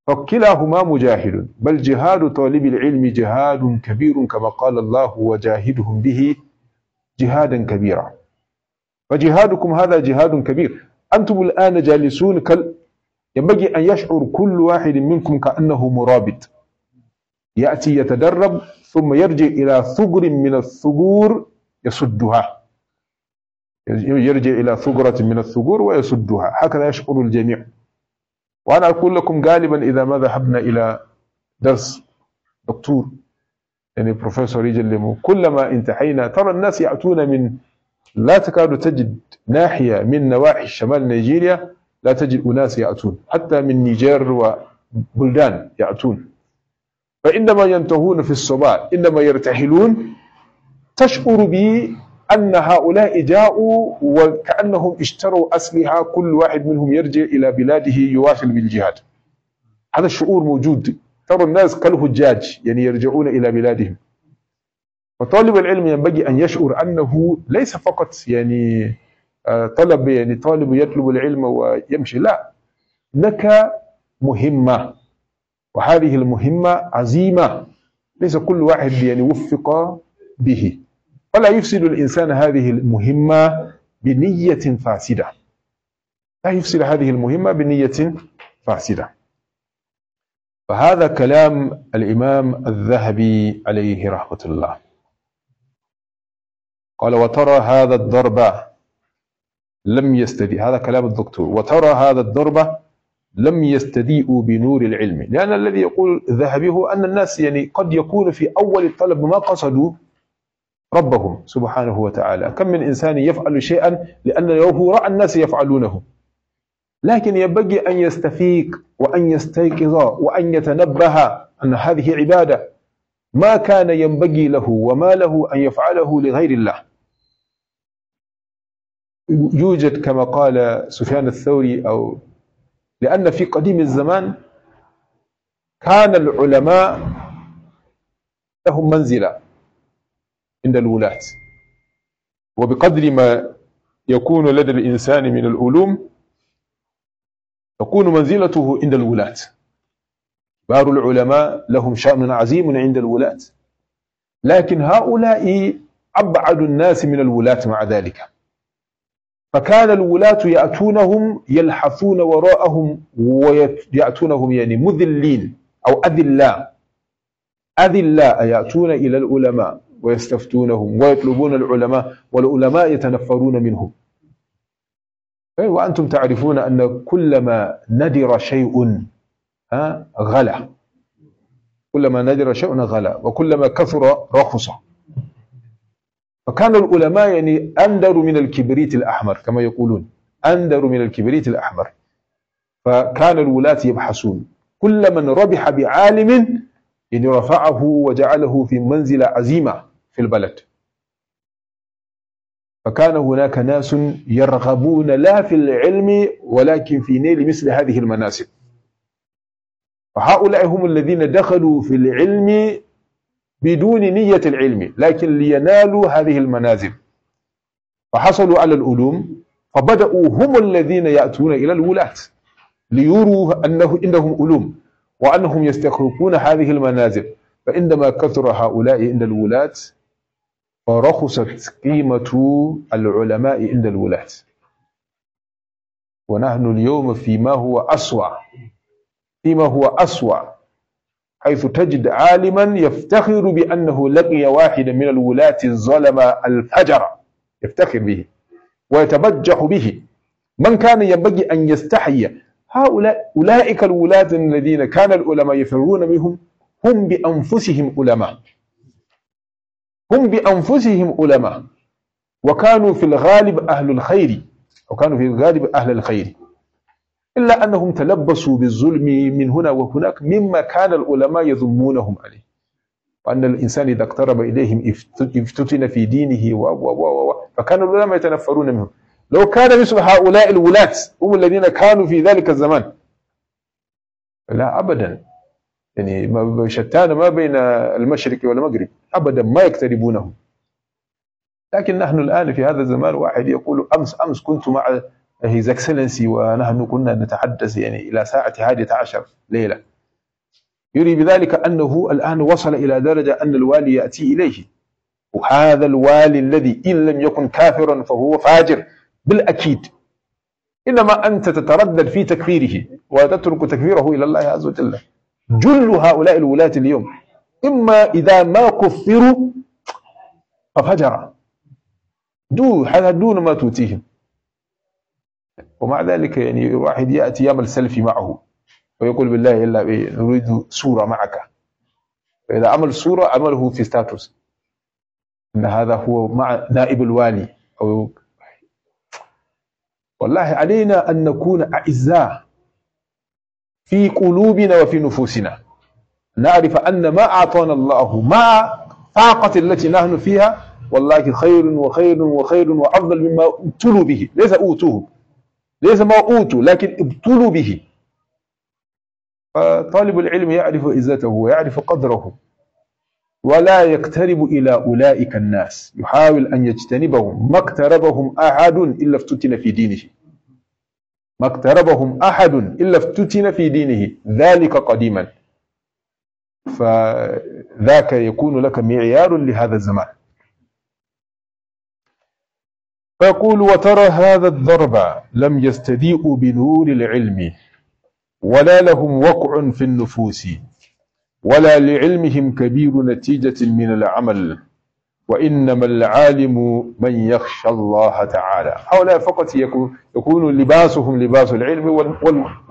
فكلاهما مجاهد بل جهاد طالب العلم جهاد كبير كما قال الله وجاهدهم به جهادا كبيرا فجهادكم هذا جهاد كبير أنتم الآن جالسون كال ينبغي أن يشعر كل واحد منكم كأنه مرابط يأتي يتدرب ثم يرجع إلى ثغر من الثغور يسدها يرجع إلى ثغرة من الثغور ويسدها هكذا يشعر الجميع وأنا أقول لكم غالبا إذا ما ذهبنا إلى درس دكتور يعني بروفيسور يجلمه كلما انتهينا ترى الناس يأتون من لا تكاد تجد ناحية من نواحي شمال نيجيريا لا تجد أناس يأتون حتى من نيجر وبلدان يأتون فإنما ينتهون في الصباح إنما يرتحلون تشعر بي أن هؤلاء جاءوا وكأنهم اشتروا أسلحة كل واحد منهم يرجع إلى بلاده يواصل بالجهاد هذا الشعور موجود ترى الناس كالهجاج يعني يرجعون إلى بلادهم فطالب العلم ينبغي أن يشعر أنه ليس فقط يعني آه، طلب يعني طالب يطلب العلم ويمشي لا لك مهمة وهذه المهمة عزيمة ليس كل واحد يعني وفق به فلا يفسد الإنسان هذه المهمة بنية فاسدة لا يفسد هذه المهمة بنية فاسدة فهذا كلام الإمام الذهبي عليه رحمة الله قال وترى هذا الضرب لم يستدي هذا كلام الدكتور وترى هذا الضرب لم يستديئوا بنور العلم لأن الذي يقول ذهبي هو أن الناس يعني قد يكون في أول الطلب ما قصدوا ربهم سبحانه وتعالى كم من إنسان يفعل شيئا لأنه رأى الناس يفعلونه لكن ينبغي أن يستفيق وأن يستيقظ وأن يتنبه أن هذه عبادة ما كان ينبغي له وما له أن يفعله لغير الله يوجد كما قال سفيان الثوري أو لأن في قديم الزمان كان العلماء لهم منزلة عند الولاة وبقدر ما يكون لدى الإنسان من العلوم تكون منزلته عند الولاة كبار العلماء لهم شأن عظيم عند الولاة لكن هؤلاء أبعد الناس من الولاة مع ذلك فكان الولاة يأتونهم يلحثون وراءهم ويأتونهم يعني مذلين أو أذلاء أذلاء يأتون إلى العلماء ويستفتونهم ويطلبون العلماء والعلماء يتنفرون منهم إيه، وأنتم تعرفون أن كلما ندر شيء غلا كلما ندر شيء غلا وكلما كثر رخص فكان العلماء يعني أندر من الكبريت الأحمر كما يقولون أندر من الكبريت الأحمر فكان الولاة يبحثون كل من ربح بعالم يعني رفعه وجعله في منزلة عزيمة في البلد فكان هناك ناس يرغبون لا في العلم ولكن في نيل مثل هذه المناسب فهؤلاء هم الذين دخلوا في العلم بدون نية العلم لكن لينالوا هذه المنازل فحصلوا على العلوم فبدأوا هم الذين يأتون إلى الولاة ليروا أنه إنهم علوم وأنهم يستخرقون هذه المنازل فإنما كثر هؤلاء عند الولاة فرخصت قيمة العلماء عند الولاة ونحن اليوم فيما هو أسوأ فيما هو أسوأ حيث تجد عالما يفتخر بأنه لقي واحدا من الولاة الظلمة الفجرة يفتخر به ويتبجح به من كان ينبغي أن يستحي هؤلاء أولئك الولاة الذين كان العلماء يفرون منهم هم بأنفسهم علماء هم بأنفسهم علماء وكانوا في الغالب أهل الخير وكانوا في الغالب أهل الخير إلا أنهم تلبسوا بالظلم من هنا وهناك مما كان العلماء يذمونهم عليه وأن الإنسان إذا اقترب إليهم افتتن في دينه و و و و فكان العلماء يتنفرون منهم لو كان مثل هؤلاء الولاة هم الذين كانوا في ذلك الزمان لا أبدا يعني شتان ما بين المشرق والمغرب أبدا ما يقتربونهم لكن نحن الآن في هذا الزمان واحد يقول أمس أمس كنت مع هيز اكسلنسي ونحن كنا نتحدث يعني الى ساعه 11 ليله يري بذلك انه الان وصل الى درجه ان الوالي ياتي اليه وهذا الوالي الذي ان لم يكن كافرا فهو فاجر بالاكيد انما انت تتردد في تكفيره وتترك تكفيره الى الله عز وجل جل هؤلاء الولاة اليوم اما اذا ما كفروا ففجر دون هذا دون ما توتيهم ومع ذلك يعني واحد يأتي يعمل سيلفي معه ويقول بالله إلا نريد صورة معك فإذا عمل صورة عمله في ستاتوس أن هذا هو مع نائب الوالي أو والله علينا أن نكون أعزاء في قلوبنا وفي نفوسنا نعرف أن ما أعطانا الله مع طاقة التي نحن فيها والله خير وخير وخير وأفضل مما ابتلوا به ليس أوتوه ليس ما أوتوا لكن ابتلوا به فطالب العلم يعرف عزته ويعرف قدره ولا يقترب إلى أولئك الناس يحاول أن يجتنبهم ما اقتربهم أحد إلا افتتن في دينه ما اقتربهم أحد إلا افتتن في دينه ذلك قديما فذاك يكون لك معيار لهذا الزمان فيقول وترى هذا الضرب لم يستديئوا بنور العلم ولا لهم وقع في النفوس ولا لعلمهم كبير نتيجة من العمل وإنما العالم من يخشى الله تعالى هؤلاء فقط يكون لباسهم لباس العلم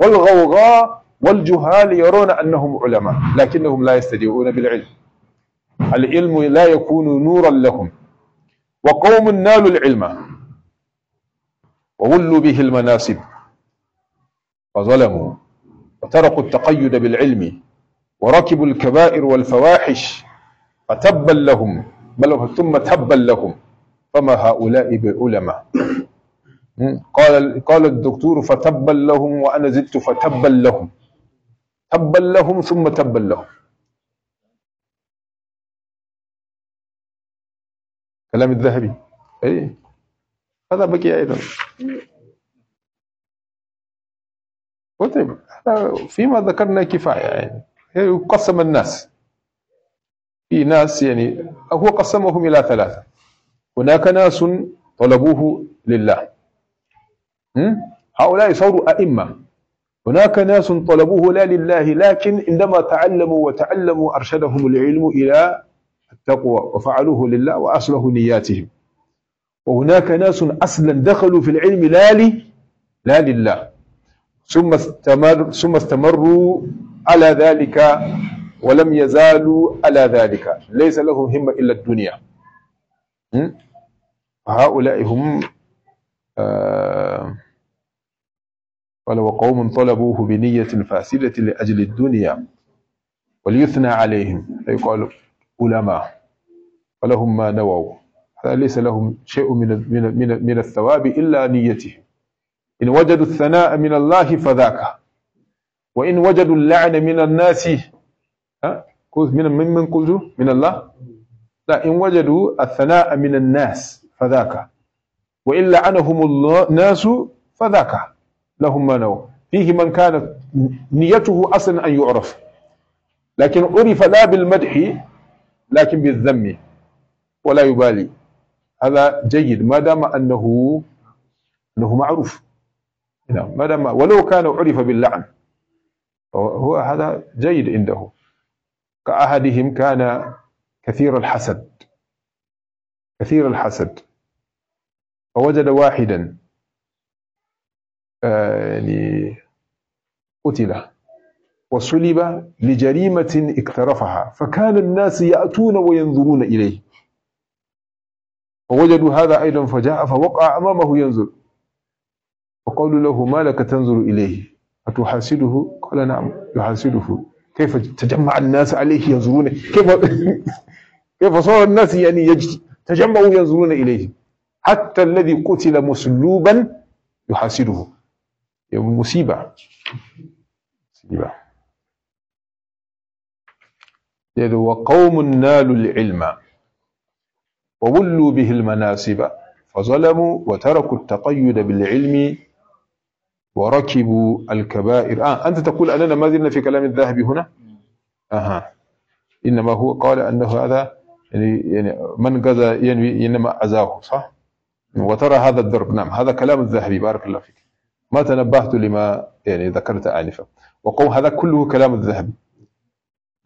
والغوغاء والجهال يرون أنهم علماء لكنهم لا يستديعون بالعلم العلم لا يكون نورا لهم وقوم نالوا العلم وولوا به المناسب فظلموا وتركوا التقيد بالعلم وركبوا الكبائر والفواحش فتبا لهم بل ثم تبا لهم فما هؤلاء بعلماء قال قال الدكتور فتبا لهم وانا زدت فتبا لهم تبا لهم ثم تبا لهم كلام الذهبي اي هذا بقي أيضا وطيب فيما ذكرنا كفاية يعني يقسم الناس في ناس يعني هو قسمهم إلى ثلاثة هناك ناس طلبوه لله هؤلاء صاروا أئمة هناك ناس طلبوه لا لله لكن عندما تعلموا وتعلموا أرشدهم العلم إلى التقوى وفعلوه لله وأصله نياتهم وهناك ناس أصلا دخلوا في العلم لا لي لا لله ثم استمر ثم استمروا على ذلك ولم يزالوا على ذلك ليس لهم همة إلا الدنيا هؤلاء هم آه وقوم طلبوه بنية فاسدة لأجل الدنيا وليثنى عليهم أي قالوا علماء فلهم ما نووا فليس لهم شيء من من من, من الثواب إلا نيتهم إن وجدوا الثناء من الله فذاك وإن وجدوا اللعن من الناس ها من من من قلت من الله لا إن وجدوا الثناء من الناس فذاك وإن لعنهم الناس فذاك لهم ما نوى فيه من كانت نيته أصلا أن يعرف لكن عرف لا بالمدح لكن بالذم ولا يبالي هذا جيد ما دام أنه أنه معروف نعم ما دام ولو كان عرف باللعن هو هذا جيد عنده كأحدهم كان كثير الحسد كثير الحسد فوجد واحدا آه، يعني قتل وصلب لجريمة اقترفها فكان الناس يأتون وينظرون إليه فوجدوا هذا أيضا فجاء فوقع أمامه ينظر فقالوا له ما لك تنظر إليه أتحاسده قال نعم يحاسده كيف تجمع الناس عليه ينظرون كيف كيف صار الناس يعني يجد تجمعوا ينظرون إليه حتى الذي قتل مسلوبا يحاسده يعني مصيبة مصيبة وقوم نالوا العلم وولوا به المناسب فظلموا وتركوا التقيد بالعلم وركبوا الكبائر آه أنت تقول أننا ما زلنا في كلام الذهبي هنا أها إنما هو قال أن هذا يعني, يعني من قذى ينوي إنما أذاه صح وترى هذا الدرب نعم هذا كلام الذهبي بارك الله فيك ما تنبهت لما يعني ذكرت آنفا وقوم هذا كله كلام الذهبي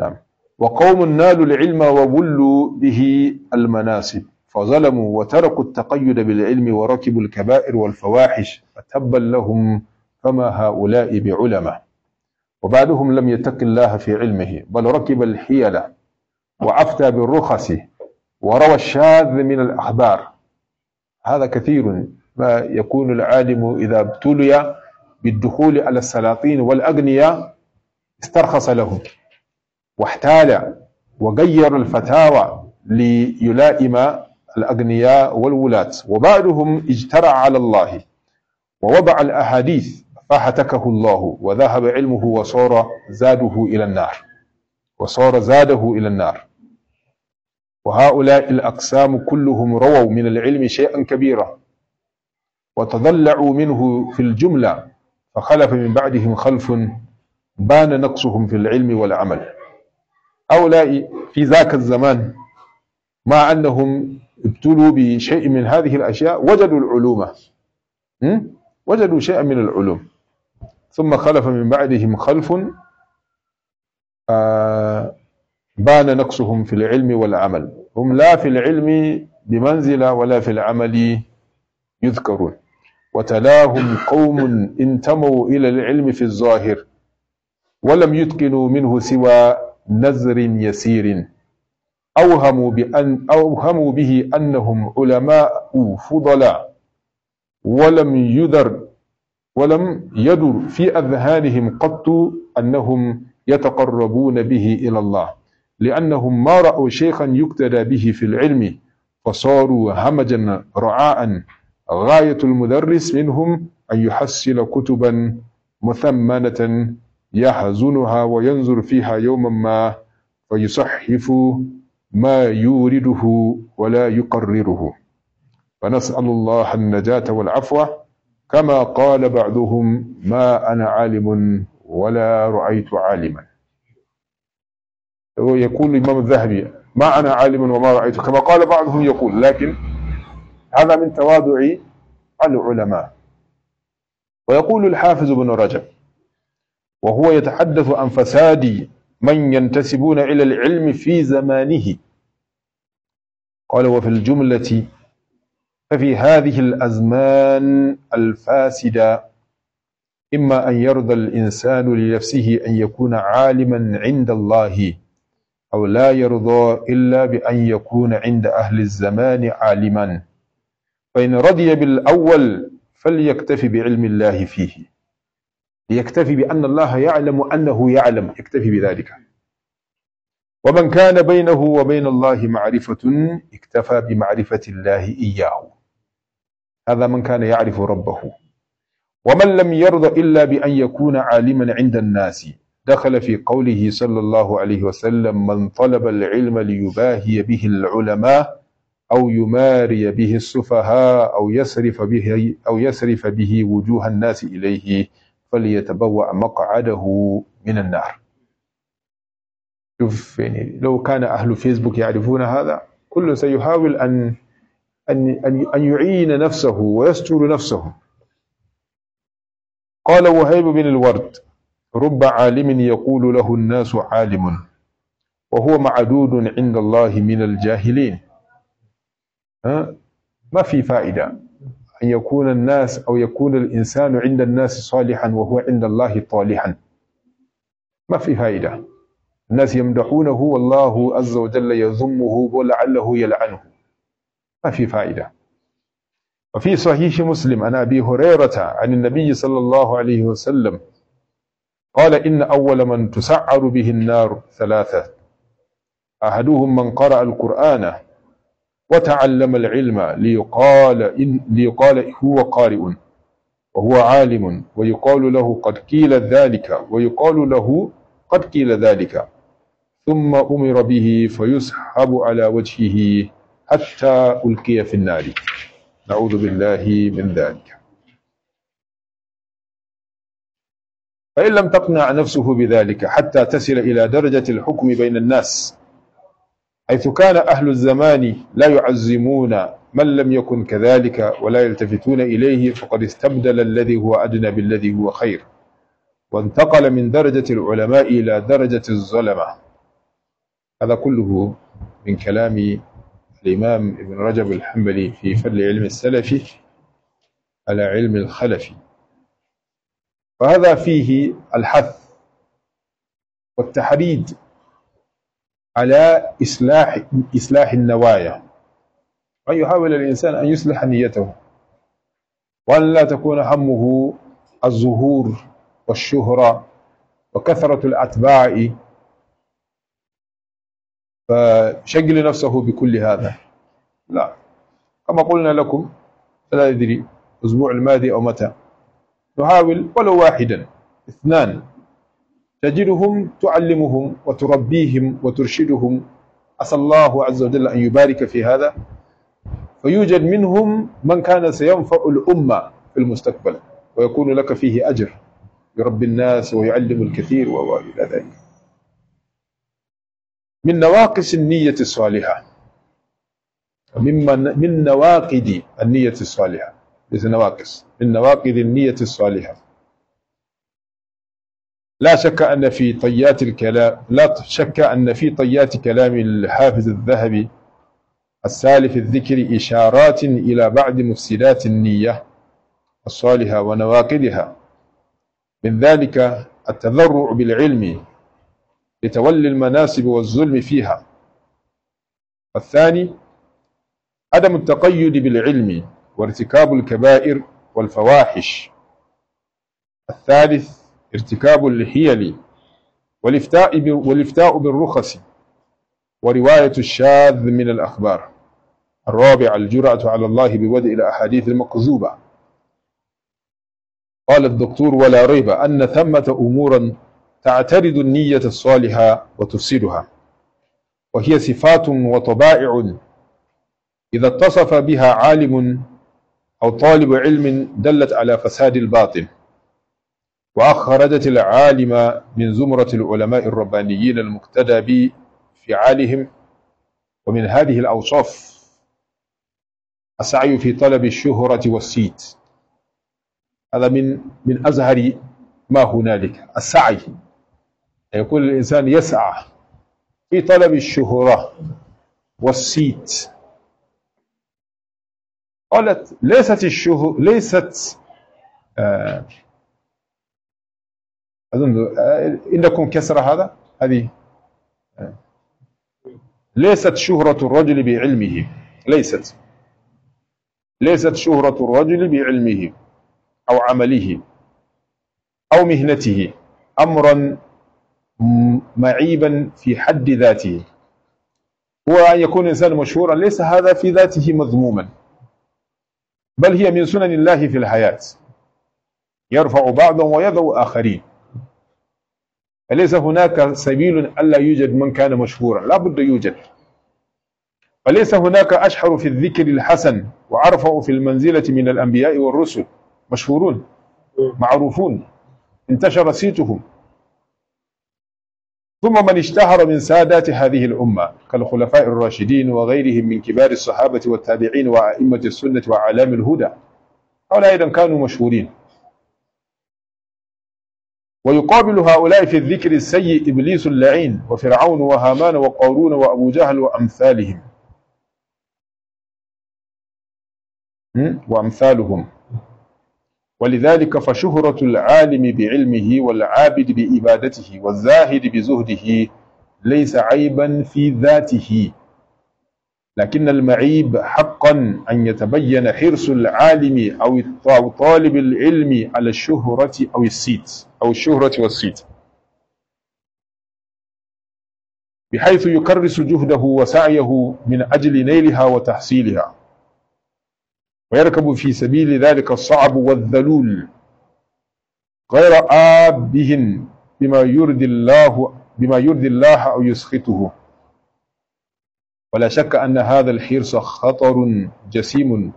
نعم وقوم نالوا العلم وولوا به المناسب فظلموا وتركوا التقيد بالعلم وركبوا الكبائر والفواحش فتبا لهم فما هؤلاء بعلمه وبعدهم لم يتق الله في علمه بل ركب الحيل وعفتى بالرخص وروى الشاذ من الأخبار هذا كثير ما يكون العالم إذا ابتلي بالدخول على السلاطين والأغنياء استرخص لهم واحتال وغير الفتاوى ليلائم الأغنياء والولاة وبعضهم اجترع على الله ووضع الأحاديث فهتكه الله وذهب علمه وصار زاده إلى النار وصار زاده إلى النار وهؤلاء الأقسام كلهم رووا من العلم شيئا كبيرا وتضلعوا منه في الجملة فخلف من بعدهم خلف بان نقصهم في العلم والعمل هؤلاء في ذاك الزمان مع أنهم ابتلوا بشيء من هذه الأشياء وجدوا العلوم وجدوا شيئا من العلوم ثم خلف من بعدهم خلف آه، بان نقصهم في العلم والعمل هم لا في العلم بمنزلة ولا في العمل يذكرون وتلاهم قوم انتموا إلى العلم في الظاهر ولم يتقنوا منه سوى نزر يسير أوهموا, بأن أوهموا به أنهم علماء فضلاء ولم يدر ولم يدر في أذهانهم قط أنهم يتقربون به إلى الله لأنهم ما رأوا شيخا يقتدى به في العلم فصاروا همجا رعاء غاية المدرس منهم أن يحصل كتبا مثمنة يحزنها وينظر فيها يوما ما فيصحف ما يورده ولا يقرره فنسأل الله النجاة والعفو كما قال بعضهم ما أنا عالم ولا رأيت عالما يقول الإمام الذهبي ما أنا عالم وما رأيت كما قال بعضهم يقول لكن هذا من تواضع العلماء ويقول الحافظ بن رجب وهو يتحدث عن فساد من ينتسبون إلى العلم في زمانه قال وفي الجملة ففي هذه الأزمان الفاسدة إما أن يرضى الإنسان لنفسه أن يكون عالما عند الله أو لا يرضى إلا بأن يكون عند أهل الزمان عالما فإن رضي بالأول فليكتفي بعلم الله فيه ليكتفي بأن الله يعلم أنه يعلم يكتفي بذلك ومن كان بينه وبين الله معرفة اكتفى بمعرفة الله إياه هذا من كان يعرف ربه ومن لم يرضى إلا بأن يكون عالما عند الناس دخل في قوله صلى الله عليه وسلم من طلب العلم ليباهي به العلماء أو يماري به السفهاء أو يسرف به أو يسرف به وجوه الناس إليه فليتبوأ مقعده من النار شوف يعني لو كان أهل فيسبوك يعرفون هذا كل سيحاول أن أن أن, أن يعين نفسه ويستر نفسه قال وهيب بن الورد رب عالم يقول له الناس عالم وهو معدود عند الله من الجاهلين ها ما في فائدة أن يكون الناس أو يكون الإنسان عند الناس صالحا وهو عند الله طالحا ما في فائدة الناس يمدحونه والله عز وجل يذمه ولعله يلعنه ما في فائدة وفي صحيح مسلم عن أبي هريرة عن النبي صلى الله عليه وسلم قال إن أول من تسعر به النار ثلاثة أحدهم من قرأ القرآن وتعلم العلم ليقال, إن ليقال هو قارئ وهو عالم ويقال له قد قيل ذلك ويقال له قد قيل ذلك ثم أمر به فيسحب على وجهه حتى ألقي في النار نعوذ بالله من ذلك فإن لم تقنع نفسه بذلك حتى تصل إلى درجة الحكم بين الناس حيث كان أهل الزمان لا يعزمون من لم يكن كذلك ولا يلتفتون إليه فقد استبدل الذي هو أدنى بالذي هو خير وانتقل من درجة العلماء إلى درجة الظلمة هذا كله من كلام الإمام ابن رجب الحنبلي في فضل علم السلف على علم الخلف فهذا فيه الحث والتحريد على إصلاح إصلاح النوايا أن يحاول الإنسان أن يصلح نيته وأن لا تكون همه الظهور والشهرة وكثرة الأتباع فشغل نفسه بكل هذا لا كما قلنا لكم لا أدري الأسبوع الماضي أو متى نحاول ولو واحدا اثنان تجدهم تعلمهم وتربيهم وترشدهم أسأل الله عز وجل أن يبارك في هذا فيوجد منهم من كان سينفع الأمة في المستقبل ويكون لك فيه أجر يربي الناس ويعلم الكثير وإلى ذلك من نواقص النية الصالحة من من نواقد النية الصالحة ليس نواقص من نواقد النية الصالحة لا شك أن في طيات الكلام لا شك أن في طيات كلام الحافظ الذهبي السالف الذكر إشارات إلى بعض مفسدات النية الصالحة ونواقدها من ذلك التذرع بالعلم لتولي المناسب والظلم فيها الثاني عدم التقيد بالعلم وارتكاب الكبائر والفواحش الثالث ارتكاب الحيل والافتاء والافتاء بالرخص ورواية الشاذ من الأخبار الرابع الجرأة على الله بودء الأحاديث المكذوبة قال الدكتور ولا ريب أن ثمة أمورا تعترض النية الصالحة وتفسدها وهي صفات وطبائع إذا اتصف بها عالم أو طالب علم دلت على فساد الباطن وأخرجت العالم من زمرة العلماء الربانيين المقتدى بفعالهم ومن هذه الأوصاف السعي في طلب الشهرة والسيت هذا من من أزهر ما هنالك السعي يقول الإنسان يسعى في طلب الشهرة والسيت قالت ليست الشهر ليست آه أظن آه، انكم كسر هذا هذه آه. ليست شهرة الرجل بعلمه ليست ليست شهرة الرجل بعلمه أو عمله أو مهنته أمرا معيبا في حد ذاته هو أن يكون إنسان مشهورا ليس هذا في ذاته مذموما بل هي من سنن الله في الحياة يرفع بعضهم ويذو آخرين أليس هناك سبيل ألا يوجد من كان مشهورا لا بد يوجد أليس هناك أشهر في الذكر الحسن وأرفع في المنزلة من الأنبياء والرسل مشهورون معروفون انتشر سيتهم ثم من اشتهر من سادات هذه الأمة كالخلفاء الراشدين وغيرهم من كبار الصحابة والتابعين وأئمة السنة وعلام الهدى هؤلاء إذا كانوا مشهورين ويقابل هؤلاء في الذكر السيء إبليس اللعين وفرعون وهامان وقارون وأبو جهل وأمثالهم وأمثالهم ولذلك فشهرة العالم بعلمه والعابد بإبادته والزاهد بزهده ليس عيبا في ذاته لكن المعيب حقا أن يتبين حرص العالم أو طالب العلم على الشهرة أو السيت أو الشهرة والسيت بحيث يكرس جهده وسعيه من أجل نيلها وتحصيلها ويركب في سبيل ذلك الصعب والذلول غير آبه بما يرضي الله بما يرضي الله أو يسخطه ولا شك أن هذا الحرص خطر جسيم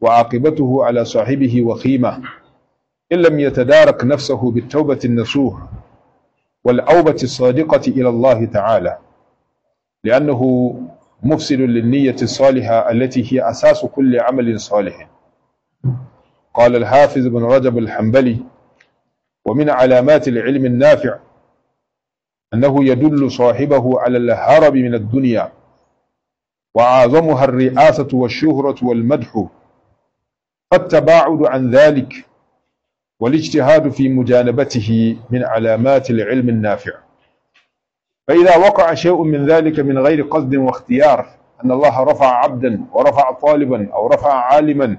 وعاقبته على صاحبه وخيمة إن لم يتدارك نفسه بالتوبة النصوح والأوبة الصادقة إلى الله تعالى لأنه مفسد للنية الصالحة التي هي أساس كل عمل صالح قال الحافظ بن رجب الحنبلي ومن علامات العلم النافع أنه يدل صاحبه على الهرب من الدنيا وأعظمها الرئاسة والشهرة والمدح فالتباعد عن ذلك والاجتهاد في مجانبته من علامات العلم النافع فإذا وقع شيء من ذلك من غير قصد واختيار أن الله رفع عبدا ورفع طالبا أو رفع عالما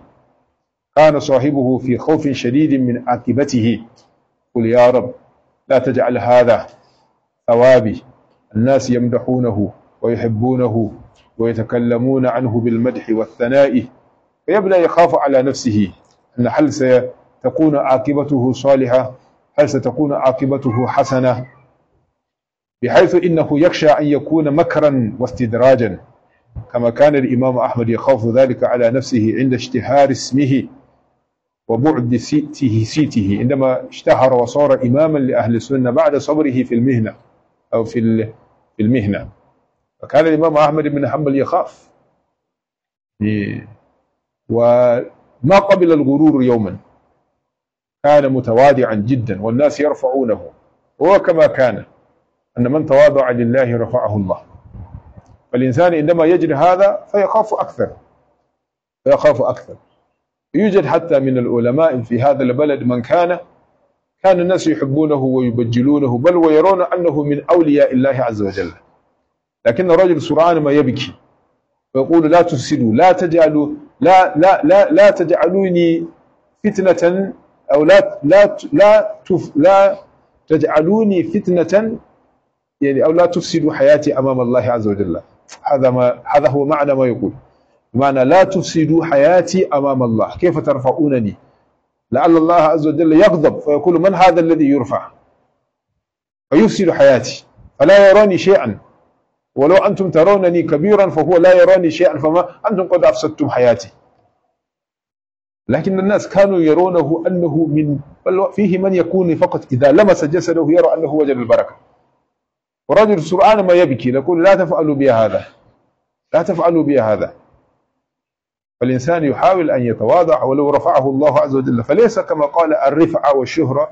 كان صاحبه في خوف شديد من عاقبته قل يا رب لا تجعل هذا ثوابي الناس يمدحونه ويحبونه ويتكلمون عنه بالمدح والثناء فيبدأ يخاف على نفسه أن هل ستكون عاقبته صالحة هل ستكون عاقبته حسنة بحيث إنه يخشى أن يكون مكرا واستدراجا كما كان الإمام أحمد يخاف ذلك على نفسه عند اشتهار اسمه وبعد سيته سيته عندما اشتهر وصار إماما لأهل السنة بعد صبره في المهنة أو في المهنة فكان الإمام أحمد بن حنبل يخاف إيه. وما قبل الغرور يوما كان متواضعا جدا والناس يرفعونه هو كما كان أن من تواضع لله رفعه الله فالإنسان عندما يجد هذا فيخاف أكثر فيخاف أكثر يوجد حتى من العلماء في هذا البلد من كان كان الناس يحبونه ويبجلونه بل ويرون أنه من أولياء الله عز وجل لكن الرجل سرعان ما يبكي ويقول لا تفسدوا لا تجعلوا لا لا لا لا تجعلوني فتنة أو لا لا لا تف لا تجعلوني فتنة يعني أو لا تفسدوا حياتي أمام الله عز وجل هذا ما هذا هو معنى ما يقول معنى لا تفسدوا حياتي أمام الله كيف ترفعونني لعل الله عز وجل يغضب فيقول من هذا الذي يرفع فيفسد حياتي فلا يراني شيئا ولو أنتم ترونني كبيرا فهو لا يراني شيئا فما أنتم قد أفسدتم حياتي لكن الناس كانوا يرونه أنه من بل فيه من يكون فقط إذا لمس جسده يرى أنه وجد البركة ورجل سرعان ما يبكي يقول لا تفعلوا بي هذا لا تفعلوا بي هذا فالإنسان يحاول أن يتواضع ولو رفعه الله عز وجل فليس كما قال الرفعة والشهرة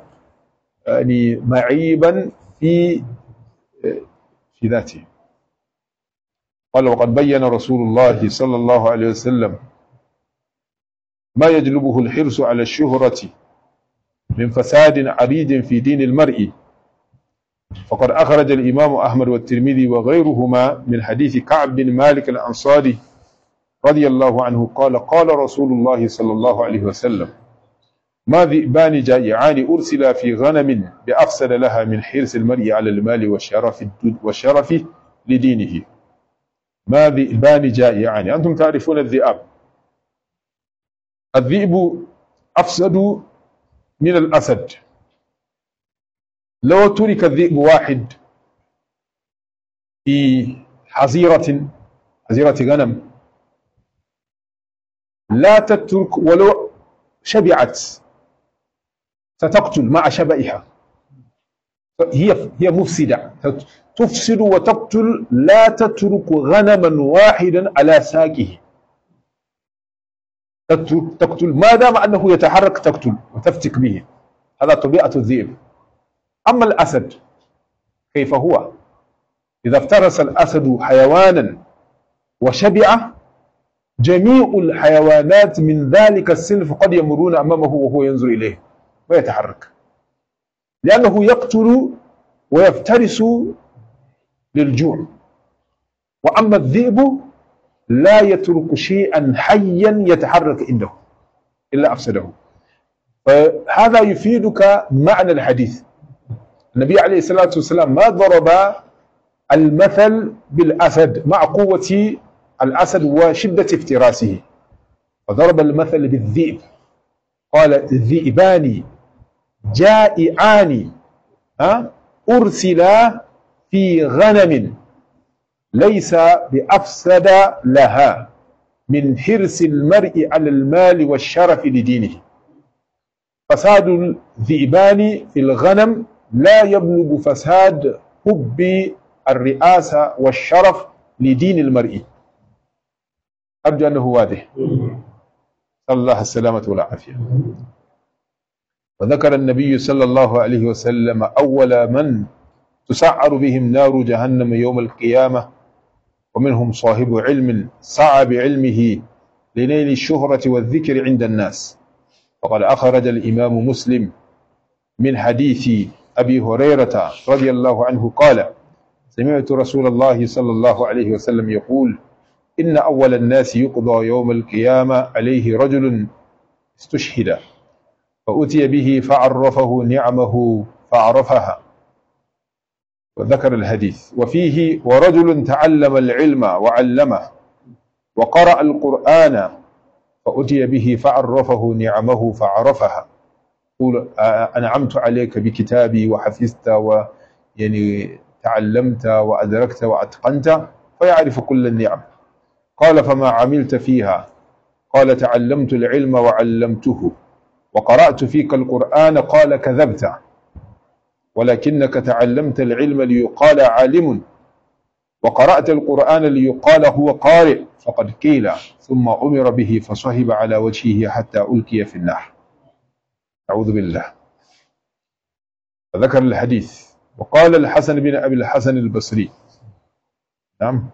يعني معيبا في في ذاته قال وقد بين رسول الله صلى الله عليه وسلم ما يجلبه الحرص على الشهرة من فساد عريض في دين المرء فقد أخرج الإمام أحمد والترمذي وغيرهما من حديث كعب بن مالك الأنصاري رضي الله عنه قال قال رسول الله صلى الله عليه وسلم ما ذئبان جائعان أرسلا في غنم بأفسد لها من حرص المرء على المال وشرف, وشرف لدينه ما ذئبان جائعان يعني. أنتم تعرفون الذئاب الذئب أفسد من الأسد لو ترك الذئب واحد في حزيرة حزيرة غنم لا تترك ولو شبعت ستقتل مع شبعها هي هي مفسدة تفسد وتقتل لا تترك غنما واحدا على ساقه تقتل ما دام أنه يتحرك تقتل وتفتك به هذا طبيعة الذئب أما الأسد كيف هو إذا افترس الأسد حيوانا وشبع جميع الحيوانات من ذلك السلف قد يمرون أمامه وهو ينظر إليه ويتحرك لأنه يقتل ويفترس للجوع وأما الذئب لا يترك شيئا حيا يتحرك عنده إلا أفسده فهذا يفيدك معنى الحديث النبي عليه الصلاة والسلام ما ضرب المثل بالأسد مع قوة الأسد وشدة افتراسه وضرب المثل بالذئب قال الذئبان جائعان أرسلا في غنم ليس بأفسد لها من حرص المرء على المال والشرف لدينه فساد الذئبان في الغنم لا يبلغ فساد حب الرئاسة والشرف لدين المرء أرجو أنه واضح صلى الله السلامة والعافية وذكر النبي صلى الله عليه وسلم أول من تسعر بهم نار جهنم يوم القيامة ومنهم صاحب علم سعى بعلمه لنيل الشهرة والذكر عند الناس وقد أخرج الإمام مسلم من حديث أبي هريرة رضي الله عنه قال سمعت رسول الله صلى الله عليه وسلم يقول إن أول الناس يقضى يوم القيامة عليه رجل استشهد فأتي به فعرفه نعمه فعرفها وذكر الحديث وفيه ورجل تعلم العلم وعلمه وقرأ القرآن فأتي به فعرفه نعمه فعرفها قول أنعمت عليك بكتابي وحفظت ويعني تعلمت وأدركت وأتقنت فيعرف كل النعم قال فما عملت فيها قال تعلمت العلم وعلمته وقرأت فيك القرآن قال كذبت ولكنك تعلمت العلم ليقال عالم وقرأت القرآن ليقال هو قارئ فقد قيل ثم أمر به فصهب على وجهه حتى ألقي في النار أعوذ بالله فذكر الحديث وقال الحسن بن أبي الحسن البصري نعم